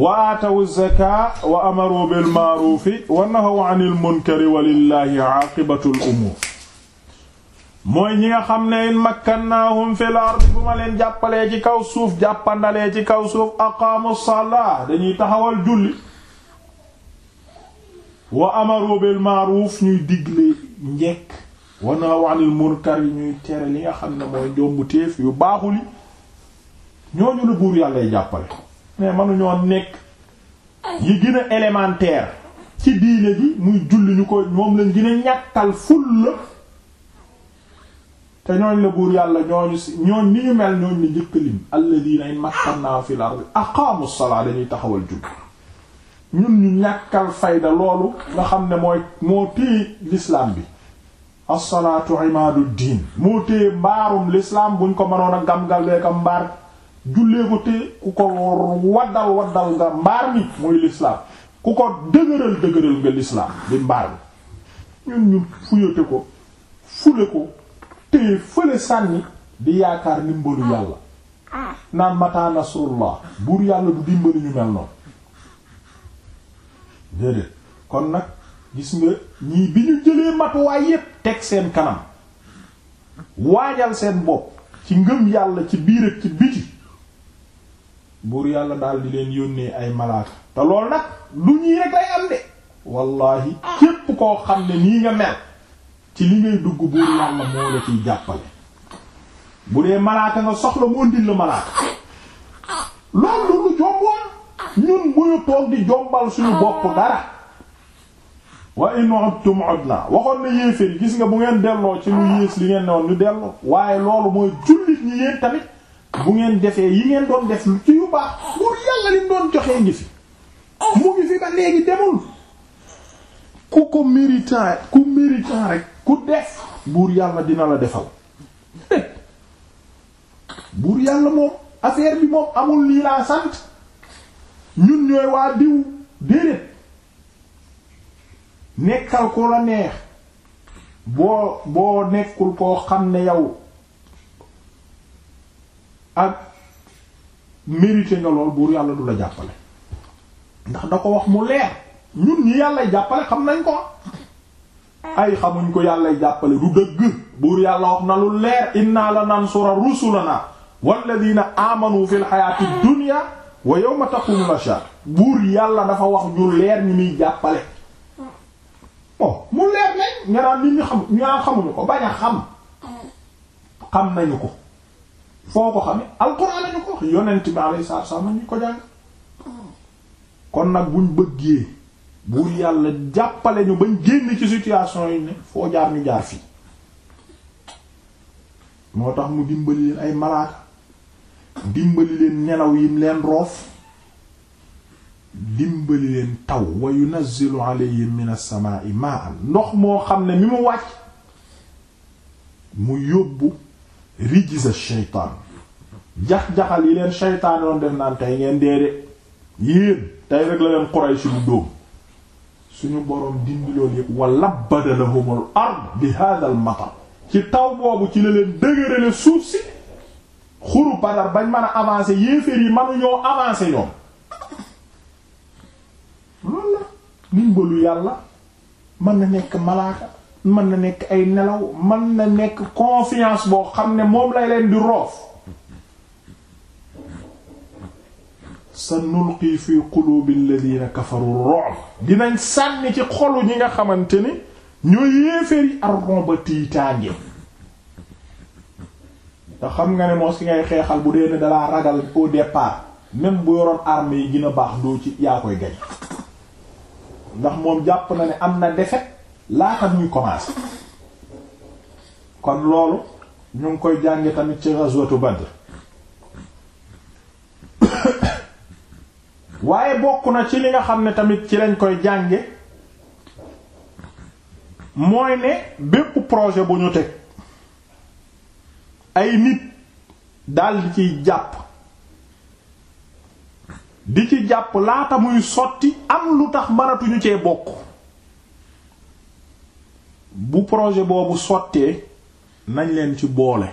wa aatawu zaka wa amaru bil ma'rufi wa nahaw anil munkari walillahi aqibatu al umur mooy ñi nga xam ne in makkannaahum fil ardi bu ma leen jàppalee ci kaw suuf jàppandalee ci kaw suuf aqaamu salaa dañuy taxawal julli wa amaru bil ma'ruf ñuy digle njekk wa nahaw anil munkar ñuy tere li nga xam ne mooy njombu yu baaxul yi ñooñu la buur yàllay jàppale mais mënuñoo nekk yi gën a élémentaire ci diine ji muy julli ñu ko moom lañ gën a ñàkkal ful te ñooñ la buur yàlla ñooñu si ñooñ ni ñu mel ñooñ la njëkk lim alladina in makkannaa fil ardi aqaamu salaa dañuy taxawal julli ñun ñu ñàkkal fayda loolu nga xam ne mooy moo téye l'islam bi as-salaatu imaadu diin moo téye mbaarum l'islam buñ ko mënoon a gam-gal beeka mbaar jullee ko téye ku ko waddal waddal nga mbaar mi muy l'islam ku ko dëgëral dëgëral nga l'islam di mbaar mi ñun ñu fuyate ko fule ko téye fële sànni di yaakaar ndimbalu ah. yàlla ah. naan mata nasrullah buur yàlla du dimbali ñu mel noonu déedéet kon nag gis nga ñii bi ñu jëlee matuwaay yépp teg seen kanam waajal seen bopp ci ngëm yàlla ci biir ak ci biti buur yàlla daal di leen yónnee ay malaaka te loolu nag du ñii rek lay am de wallaahi ah. képp koo xam ne nii nga mel ci li ngay dugg buur yàlla moo la ciy jàppale bu dee malaaka nga soxla mu ëndil la malaaka loolu lu jomboon ñun muy toog di jombal suñu bopp dara wa in udtum udna waxoon na yéeféer gis nga bu ngeen delloo ci lu yées li ngeen newoon ñu delloo waaye loolu mooy jullit ñi yéen tamit bu ngeen defee yi ngeen doon def lu ci yu baax buur yàlla li doon joxee ngi fi mu ngi fi ba léegi demul ku ko méritant ku méritant rek ku def buur yàlla dina la defal buur yàlla moom affaire bi moom amul lii laa sant ñun ñooy waa diw déedéet nekkal ko la neex boo boo nekkul koo xam ne yow ak mérité nga lool buur yàlla du la jàppale ndax da ko wax mu leer ñun ñi yàlla jàppale xam nañ ko ay xamuñ ko yàllay jàppale du dëgg buur yàlla wax na lu leer inna la nansura rusulana walladina amanu fil hayati dunya wa yawma taqumu lashar buur yàlla dafa wax ñu leer ñu muy jàppale bon oh, mu leer nañ ngaraan nit ñi xamuñu ko bañ a xam xam nañu ko foo ko xame alxuraan nañu ko yonent bi alayhi salaatu wasallam ñu ko jàng kon nag buñ bëggee buur yàlla jàppale ñu bañ génn ci situation yi ne foo jaar ñu jaar fii moo tax mu dimbali leen ay malaaka dimbali leen nelaw yim leen roof dimbali leen taw wa yunazzilu alayhim minas samaa'i ma'an ndox moo xam ne mi mu wàcc mu yóbbu rijza shaytaan jax-jaxal yi leen shaytaan doon def naan tey ngeen dee de yéen tey rek la leen Quraysh bu dóom suñu boroom dindi loolu yëpp wa labbada lahumul ard bi hadha al ci taw boobu ci la leen dëgërale suuf si xuru Badar bañ mën a avancer yéeféer yi mënuñoo avancer ñoom loolu la ndimbalu yàlla mën na nekk malaaka mën na nekk ay nelaw mën na nekk confiance boo xam ne moom lay leen di roof sa nulqi fi qulubi alladhina kafaru ru'b dinañ sànni ci xolu ñi nga xamante ni ñoo yéeféeri arron ba tiitaange te xam nga ne moos ki ngay xeexal bu dee ne dalaa ragal au départ même bu yoroon armes yi gën a baax doo ci yaa koy gañ ndax moom jàpp na ne am na défaite laata ñuy commencer kon loolu ñu ngi koy jànge tamit ci ghazwatu Badr waaye bokk na ci li nga xam ne tamit ci lañ koy jànge mooy ne bépp projet bu ñu teg ay nit dal ci jàpp di ci jàpp laata muy sotti am lu tax mënatuñu cee bokk bu projet boobu sottee nañ leen ci boole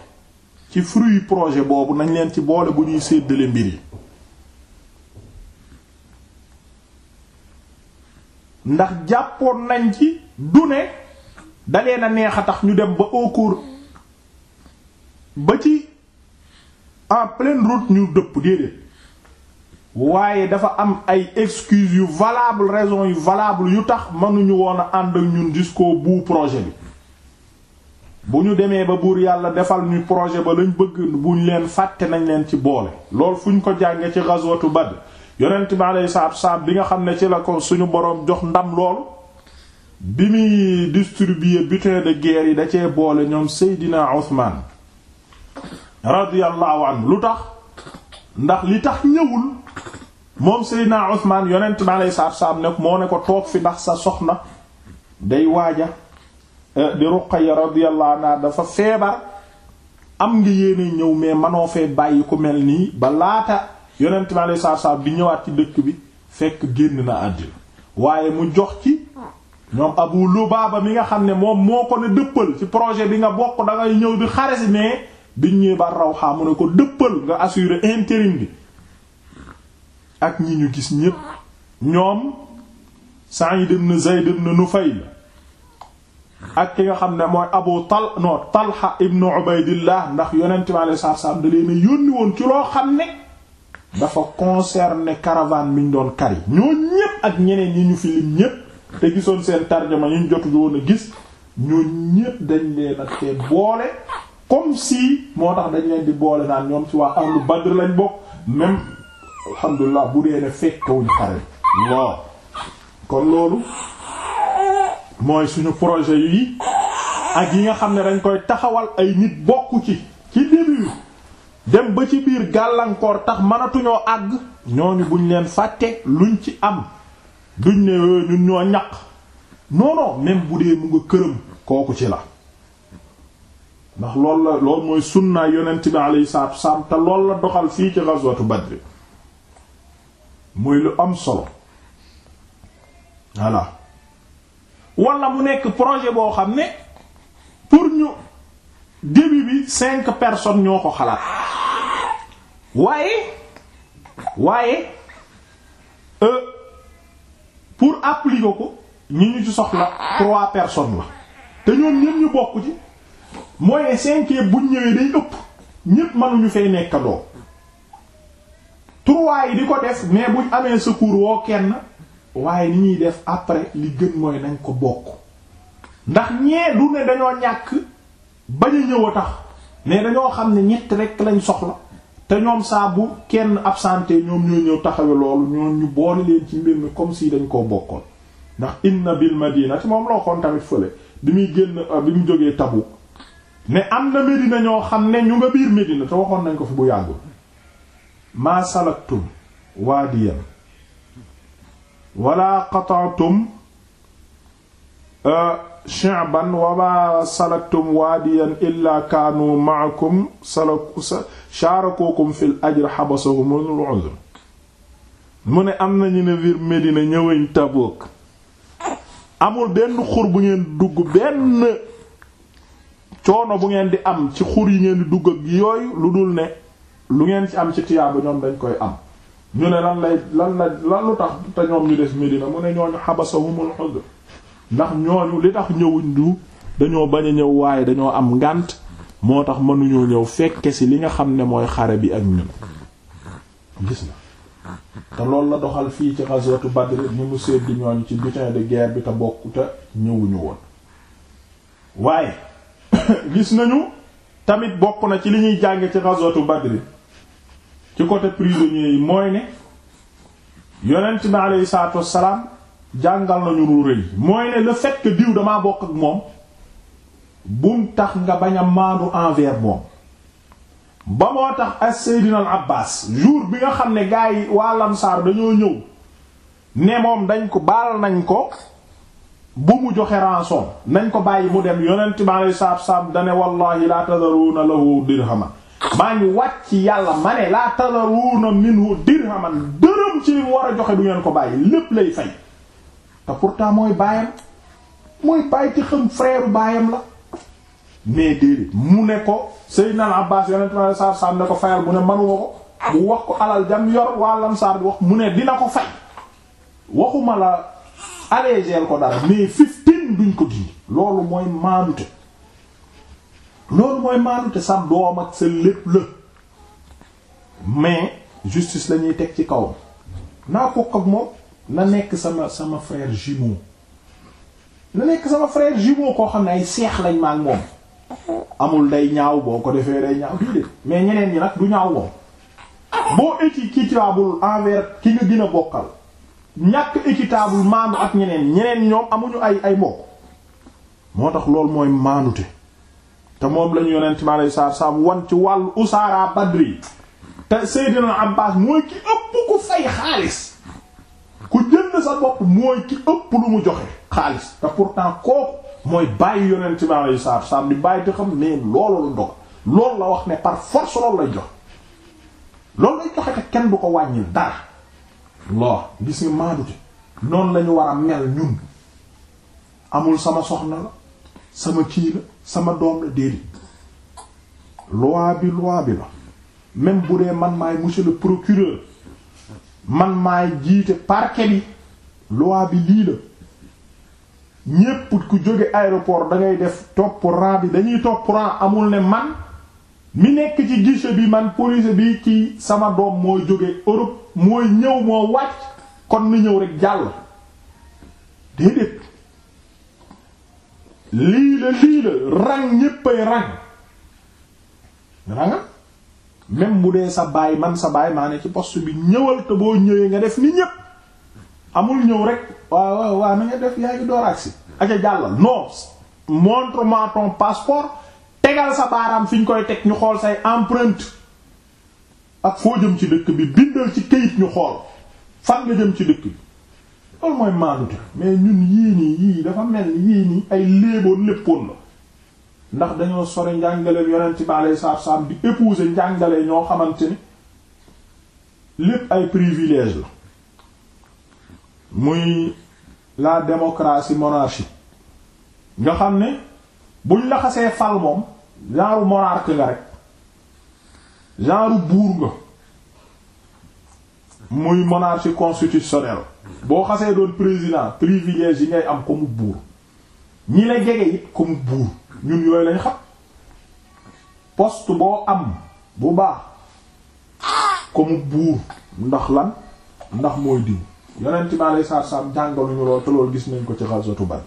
ci fruit projet boobu nañ leen ci boole bu ñuy séddale mbir yi ndax jàppoon nañ ci du ne dalee na neex a tax ñu dem ba au cours ba ci en pleine route ñu dëpp déedéet waaye dafa am ay excuses yu valable raison yu valable yu tax mënuñu woon a ànd ak ñun jusqu'au bout projet bi bu ñu demee ba buur yàlla defal ñu projet ba lañ bëgg buñ leen fàtte nañ leen ci boole lool fu ñu ko jànge ci ghazwatu Badr yonent bi alayhi salaatu salaam bi nga xam ne ci la ko suñu boroom jox ndam lool bi muy distribuer butin de guerre yi da cee boole ñoom Seydina Ousmane radiyallahu anhu lu tax ndax li tax ñëwul moom Seydina Ousmane yonent bi alayhi salaatu salaam nag moo ne ko toog fi ndax sa soxna day waaja eh, di Ruqayya radiyallahu anha dafa feebar am ngi yéene ñëw mais manoo fee bàyyi ku mel nii ba laata. yonent mi alayhi salaatu bi ñëwaat ci dëkk bi fekk génn na àddina waaye mu jox ci ñoom Abu Lubaaba mi nga xam ne moom moo ko ne dëppal ci projet bi nga bokk da ñëw di xare si mais biñ ñëw ba raw xaa mu ne ko dëppal nga assurer intérim bi ak ñi ñu gis ñépp ñoom Sa'id ibn Zayd fay Nufayl ak ki nga xam ne mooy Abu Tal non Talha ibn Ubaydillah ndax yonent mi alayhi salaatu salaam da yónni woon ci loo xam ne. dafa concerner caravane bi ñu doon kari ñoo ñépp ak ñeneen yi ñu fi lim ñépp te gisoon seen tarjama ñu ñu jotu woon a gis ñoo ñépp dañ leen ak te boole comme si moo tax dañ leen di boole naan ñoom ci waa lu Badr lañ bokk même alhamdulilah bu dee ne fekkewuñ xare waaw kon loolu mooy suñu projet yi ak yi nga xam ne dañ koy taxawal ay nit bokku ci ci début dem ba ci biir gàllankoor tax mënatuñoo àgg ñooñu buñ leen fàtte luñ ci am duñ ne eh, ñun ñoo ñaq non non bu dee mu nga këram kooku ci la ndax loolu la loolu mooy sunnaa yonent bi alayhi salaatu wasalaam te loolu la doxal fii ci ghazwatu Badr mooy lu am solo voilà wala mu nekk projet boo xam ne pour ñu début bi cinq personnes ñoo ko xalaat waaye waaye euh, pour appliquer ko ñi ñu ci soxla trois personnes la te ñoom ñëpp ñu bokk ci mooy ne cinq buñ ñëwee day ëpp ñëpp mënuñu fay nekkandoo trois yi di ko def mais buñ amee secours woo kenn waaye ni ñuy def après li gën mooy nañ ko bokk ndax ñee du ne dañoo ñàkk bañ a ñëw a tax mais dañoo xam ne ñett rek lañ soxla. te ñoom saabu bu kenn absenté ñoom ñoo ñëw taxawe loolu ñoon ñu boole leen ci mbir mi comme si dañ koo bokkoon ndax inna bil madina ci moom loo xoon tamit fële bi muy génn euh, bi mu jógee Tabuk ne am na Medina ñoo xam ne ñu nga biir Medina te waxoon nañ ko fi bu yàggul maa salaktum waadiyan wala qata'tum euh, shi'ban wa ma salaktum waadiyan illa kaanu ma'akum salaku shaarakukum fil ajr habasahumul uzr mu ne am na ñu ne biir Medina ñëweñ Tabuk amul benn xur bu ngeen dugg benn coono bu ngeen di am ci xur yi ngeen di dugg ak yooyu lu dul ne lu ngeen ci am ci tiyaaba ñoom dañ koy am ñu ne lan lay lan la lan lu tax te ñoom ñu des Medina mu ne ñooñu habasahumul uzr ndax ñooñu li tax ñëwuñ du dañoo bañ ñëw waaye dañoo am ngànt moo tax mënuñoo ñëw fekke ci li nga xam ne mooy xare bi ak ñun gis na te loolu la doxal fii ci ghazwatu Badr ni mu seddi ñooñu ci butin de guerre bi te bokku te ñëwuñu woon waaye gis nañu tamit bokk na ci li ñuy jànge ci ghazwatu Badr ci côté prisonniers yi mooy ne yonent bi aleyhi salaatu wassalaam jàngal nañu lu rëy mooy ne le fait diw damaa bokk ak moom bum tax nga bañ maanu envers moom ba moo tax as Seydina Abbas jour bi nga xam ne gaay yi waa Lamsaar dañoo ñëw ne moom dañ ko baal nañ ko bu mu joxe rançon nañ ko bàyyi mu dem yonent maa lay saab saab dane wallahi laa tadaruuna lahu dirhama maa ngi wàcc yàlla ma ne laa tadaruuna minhu dirhaman dërëm ci war a joxe du ngeen ko bàyyi lépp lay fay te pourtant mooy baayam mooy baay ci xam frère baayam la mais déedéet mu ne ko Seydina Abbas yonent ma sar sam ne ko fayal mu ne manuma ko mu wax ko alal jam yor waa lamsaar bi wax mu ne dina ko fay waxuma la allégeel ko dara mais fifteen duñ ko dindi loolu mooy maanute loolu mooy maanute sa doom ak sa lépp la mais justice la teg ci kawam naa ko ak moom na nekk sama sama frère jumeau na nekk sama frère jumeau koo xam ne ay seex lañ ma ak moom amul day ñaaw boo ko defee day ñaaw déedéet mais ñeneen ñi nag du ñaaw moom boo équitable envers ki nga gën bokkal ñàkk équitable maanu ak ñeneen ñeneen ñoom amuñu ay ay mbokk moo tax loolu mooy maanute te moom lañu yonent mi alei saatu salaam wan ci wàllu usaara badri te Seydina Abbas mooy ki ëpp ku fay xaalis ku jënd sa bopp mooy ki ëpp lu mu joxe xaalis te pourtant kooku mooy bàyyi yonent bi alayhi salaatu salaam di bàyyi te xam ne loolu la dog loolu la wax ne par force loolu lay jox loolu lay joxe te kenn du ko wàññil dara lool gis nga maadute noonu lañu war a mel ñun amul sama soxna la sama kii la sama doom la déedéet loi bi loi bi la même bu dee man maay monsieur le procureur man maay jiite parquet bi loi bi lii la ñépp ku jóge aéroport da ngay def topp rang bi dañuy topp amul ne man mi nekk ci gise bi man police bi ci sama doom moo jóge Europe mooy ñëw moo wàcc kon ni ñëw rek jàll déedéet lii la lii la rang ñéppay rang même bu dee sa baay man sa baay maa ne ci poste bi ñëwal te boo ñëwee nga def ni ñépp amul ñëw rek waaw waaw waaw na nga def yaa ngi door agsi aca jàllal non montre-moi ton tegal sa baaraam fi ñu koy teg ñu xool say empreinte ak foo jëm ci dëkk bi bindal ci këyit ñu xool fan nga jëm ci dëkk bi loolu mooy maanute mais ñun yii nii yii dafa mel ni yii nii ay léeboon léppoon la ndax dañoo sori njàngaleem yonent bi alayhi salaatu salaam di épouser njàngale ñoo xamante ni lépp ay privilège la muy la démocratie monarchie nga xam ne buñ la xasee fal moom genre monarque nga rek genre buur nga muy monarchie constitutionnelle boo xasee doon président privilège yi ngay am comme buur ñi la jege it comme buur ñun yooyu lañ xam poste boo am bu baax comme buur ndax lan ndax mooy diw yonent bi aleyhi salaatu salaam jàngaluñu lool te loolu gis nañ ko ci xasatu Badr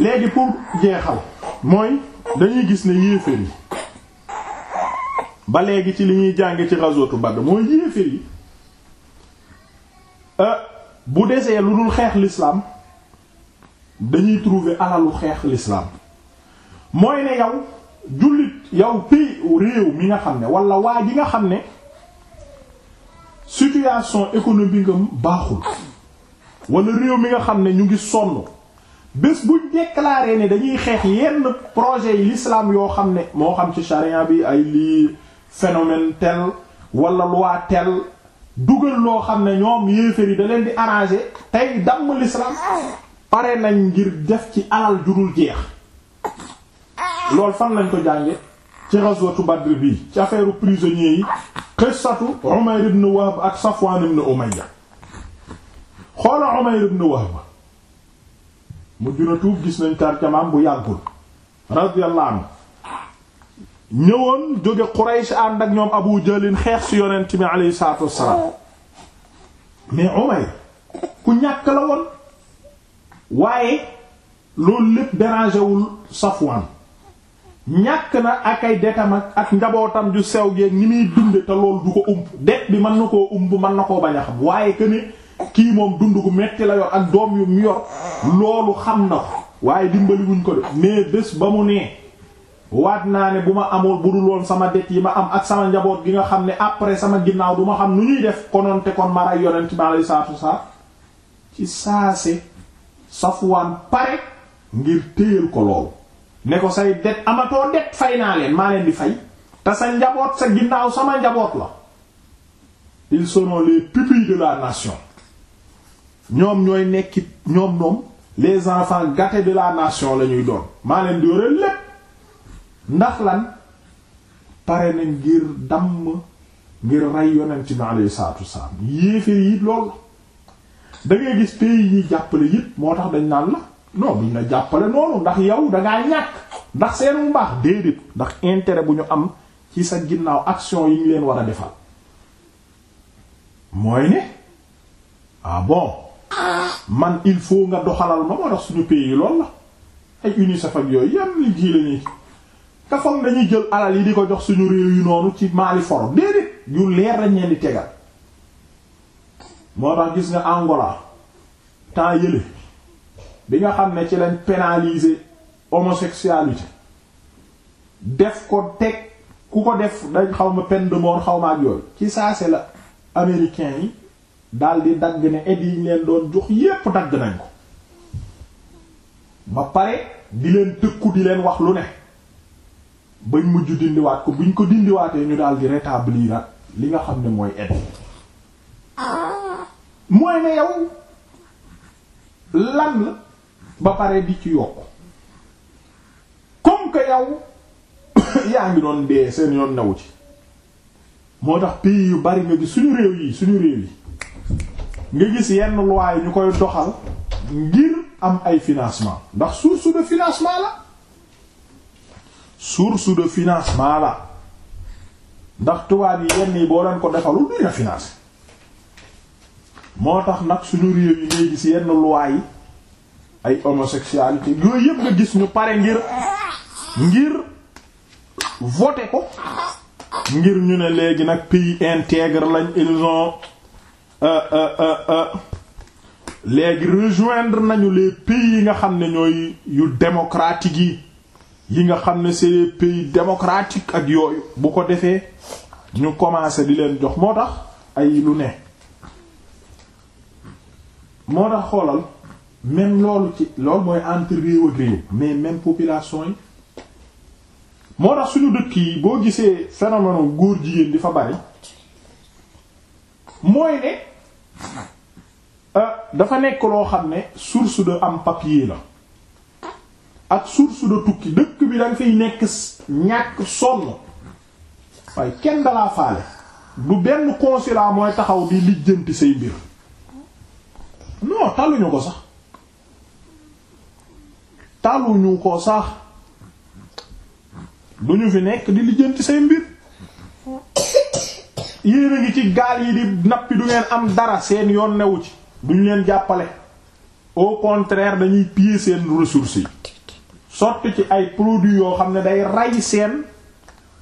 léegi pour jeexal mooy dañuy gis ne yéeféer yi ba léegi ci li ñuy jànge ci xasatu Badr mooy yéeféer yi euh, bu desee lu dul xeex lislaam dañuy trouver alalu xeex l'islam mooy ne yow jullit yow pays réew mi nga xam ne wala waa ji nga xam ne situation économique am baaxul wala réew mi nga xam ne ñu ngi sonn bés buñ déclarer ne dañuy xeex yenn projet yi l'islam yoo xam ne moo xam ci charia bi ay lii phénomène tel wala loi tel dugal loo xam ne ñoom yéefar yi da leen di arranger tey damm l'islam pare nañ ngir def ci alal judul jeex lool fan lañ ko jànge ci ghazwatu Badr bi ci affaire prisonniers yi qissatu Umayr ibn Wahb ak Safwan ibn xoola Umayr Wahb mu gis nañ tarjamaam bu yàggul radiyallahu anhu ñëwoon jóge Quraysh ànd ak ñoom Abu Jahl xeex si yonent bi alayhi salaatu wassalaam mais Umayr ku ñàkk la woon waaye loolu lépp dérangé wul Safwan ñàkk na ak ay detam ak njabootam ju sew geeg ni muy dunde te loolu du ko ump det bi mën na koo ump mën na koo bañ a xam waaye que kii moom dund gu metti la yor ak doom yu mu yor loolu xam na waaye dimbali wuñ ko de mais ba mu nee waat naa ne bu ma amoon bu dul woon sama det yi ma am ak sama njaboot gi nga xam ne après sama ginnaaw du ma xam nu ñuy def konoon te kon ma rey yonent bi alayhi salaatu wa salaam ci saase Safwaan pare ngir téyal ko loolu ne ko say det amatoo det fay naa leen maa leen di fay te sa njaboot sa ginnaaw sama njaboot la ils seront les pupilles de la nation ñoom ñooy nekkit ñoom ñoom les enfants gâtés de la nation la ñuy doon maa leen di yore lépp ndax lan pare na ngir damm ngir rey yonent bi alayhi salaatu wasalaam yéefee yi lool da ngay gis pays yi ñuy jàppale yëpp moo tax dañ naan la non buñ la jàppale noonu ndax yow dangaa ngaa ñàkk ndax seen bu baax déedéet ndax intérêt bu ñu am ci sa ginnaaw action yi ñu leen war a defal mooy ne ah bon man il faut nga doxalal ma moo tax suñu pays yi lool la ay UNICEF ak yooyu yan li ji la ñuy dañuy jël alal yi di ko jox suñu réew yu noonu ci maali foro déedéet yu leer lañ leen di tegal. moo tax gis nga Angola temps yële bi nga xam ne ci leen pénaliser homosexualité def ko teg ku ko def dañ xaw ma pend de mort xaw ma ak yooyu ci saase la américains yi daal di dagg ne aide yi leen doon jox yépp dagg nañ ko ba pare di leen tëkku di leen wax lu ne bañ mujj dindiwaat ko buñ ko dindiwaatee ñu daal di rétablir li nga xam ne mooy aide. Ah. mooy ne yow lan ba pare di ci yokk comme que yow yaa ngi doon dee seen yoon nawu ci moo tax pays yu bari nga gis suñu réew yi suñu réew yi nga gis yenn loi ñu koy doxal ngir am ay financement ndax source de financement la source de financement la ndax tubaab yi yenn yi boo doon ko defalu duñu la financer moo tax nag suñu réew yi ngay gis yenn loi yi ay homosexualité yooyu yëpp nga gis ñu pare ngir ngir voter ko ngir ñu ne léegi nag pays integre lañ ils ont euh, euh, euh, léegi rejoindre nañu les pays yi nga xam ne ñooy yu démocratique yi yi nga xam ne c'est les pays démocratiques ak yooyu bu ko defee ñu commencer di leen jox moo tax ay lu ne moo tax xoolal même loolu ci loolu mooy entre réew ak réew mais même population yi moo tax suñu dëkk yi boo gisee phénomène góor jigéen di fa bari mooy ne euh, dafa nekk loo xam ne source de am papier la ak source de tukki dëkk bi danga fay nekk ñàkk sonn waaye kenn dalaa faale du benn consulat mooy taxaw di lijjanti say mbir non taluñu ko sax taluñu ko sax du ñu fi nekk di lijjanti say mbir yéen gi ci gaal yi di nappi du ngeen am dara seen yoon newu ci duñ leen jàppale au contraire dañuy piller seen ressources yi sotti ci ay produits yoo xam ne day ray seen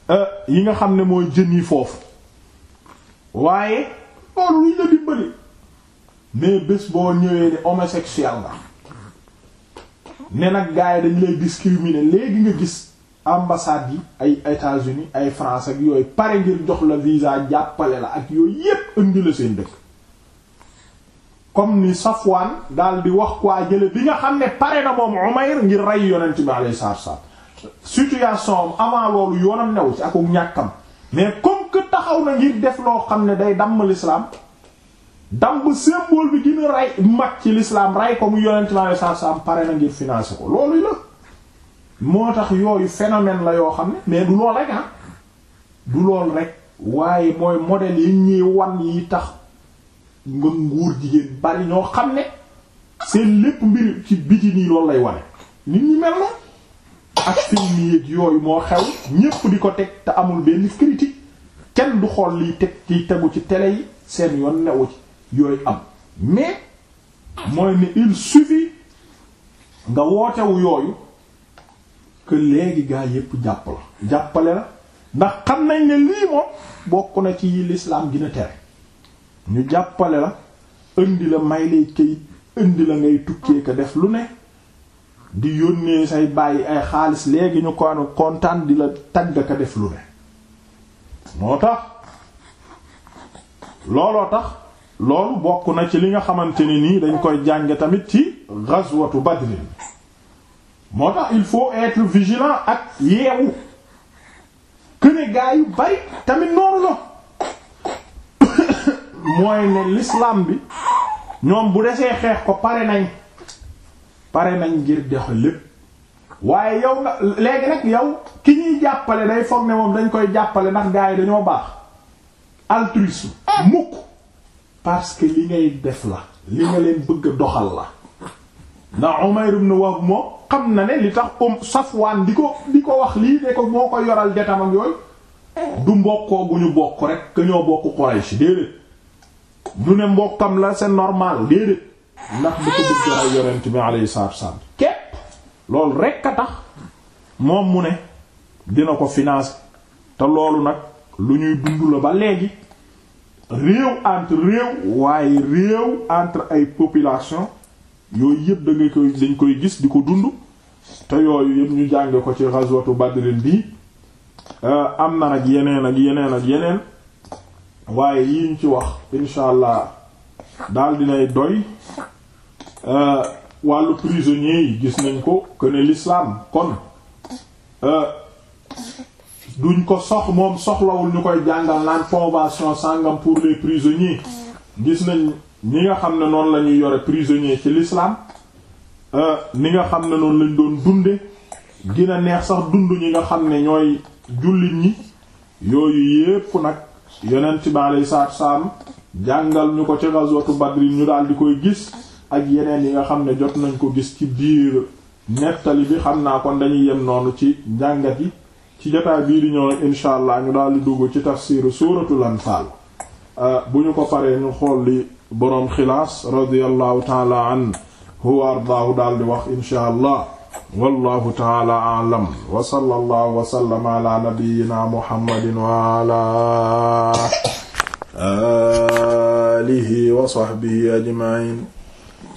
euh, yi nga xam ne mooy jën yi foofu waaye loolu luñ la dimbali mais bés boo ñëwee ne homosexuel nga ne nag gars yi dañ lay discriminer léegi nga gis ambassade yi ay États-Unis ay France ak yooyu pare ngir jox la visa jàppale la ak yooyu yépp indi la seen dëkk comme ni Safwaan daal di wax quoi jële bi nga xam ne pare na moom Umayr ngir rey yonent bi alayhi salaatu salaam situation avant loolu yoonam new ci ak ñàkkam mais comme que taxaw na ngir def loo xam ne day damm l'islam dam ba bi gën ray mag ci lislaam ray ko mu yonent naa sa sam pare na ngir financer ko loolu la moo tax yooyu phénomène la yoo xam ne mais du lool rek ah. du lool rek waaye mooy modèle yi ñuy wan yi tax nga nguur jigéen bari ñoo xam ne seen lépp mbir ci biti nii lay wane nit ñi mel na ak film yéeg yooyu moo xew ñépp di ko teg te amul benn critique kenn du xool liy teg ci tegu ci tele yi seen yoon newu ci yooyu am mais mooy ne il suffit nga wootewu yooyu que léegi gaa yépp jàpp la jàppale la ndax xam nañ ne lii moom bokk na ci lislaam dina tere ñu jàppale la indi la may lay këyit indi la ngay tukkee def lu ne di yónnee say bàyyi ay xaalis léegi ñu ko kontaan di la tagg ka def lu ne moo tax looloo tax loolu bokk na ci li nga xamante ni nii dañ koy jànge tamit ci ghazwatu Badr moo tax il faut être vigilant ak yeewu këne gaa yu bari tamit noonu la mooy ne l'islam bi ñoom bu desee xeex ko pare nañ pare nañ ngir dex lépp waaye yow nga léegi rek yow ki ñuy jàppale day foog ne moom dañ koy jàppale ndax gaa yi dañoo baax altruisme mukk parce que li ngay def la li nga leen bëgg doxal la ndax Umayr ibn Wahb moom xam na ne li tax um Safwaan di ko di ko wax lii ne ko moo ko yoral detam ak yooyu du mbokkoo bokk rek que ñoo bokk Quraysh déedéet ne mbokkam la seen normal déedéet ndax di ko bëgg yoral yonent bi alayhi salaatu wassalaam képp loolu rek a tax moom mu ne dina ko finance te loolu nag lu ñuy dund la ba léegi réew entre réew waaye réew entre ay population yooyu yëpp da koy dañ koy gis di ko dund te yooyu yëpp ñu jànge ko ci ghazwatu Badr bi euh, am na nag yeneen ak yeneen ak yeneen waaye yi ñu ci wax insha allah daal dinay doy euh, wàllu prisonniers yi gis nañ ko que ne l'islam kon euh, duñ ko sox moom soxlawul ñu koy jàngal naan convention sangam pour les prisonniers gis nañ ñi nga xam ne noonu lañuy ñuy yore prisonnier ci l'islam euh, ni nga xam ne noonu lañ doon dunde dina neex sax dund ñi nga xam ne ñooy jullit ñi yooyu yépp nag yonent bi alayhi salaatu salaam jàngal ñu ko ci ghazwatu Badr ñu daal di koy gis ak yeneen yi nga xam ne jot nañ ko gis ci biir nettali bi xam naa ko dañuy yem noonu ci njàngat yi ci jotaay bii di ñëw nag incha allah ñu daal di dugg ci tafsiru suuratul anfaal euh, bu ñu ko paree ñu xool li boroom xilaas radiyallahu taala an huwa ardaahu daal di wax incha allah wallahu taala a'lam wa sallallahu wa sallama ala nabiyyina muhammadin wa ala alihi wa sahbihi ajma'in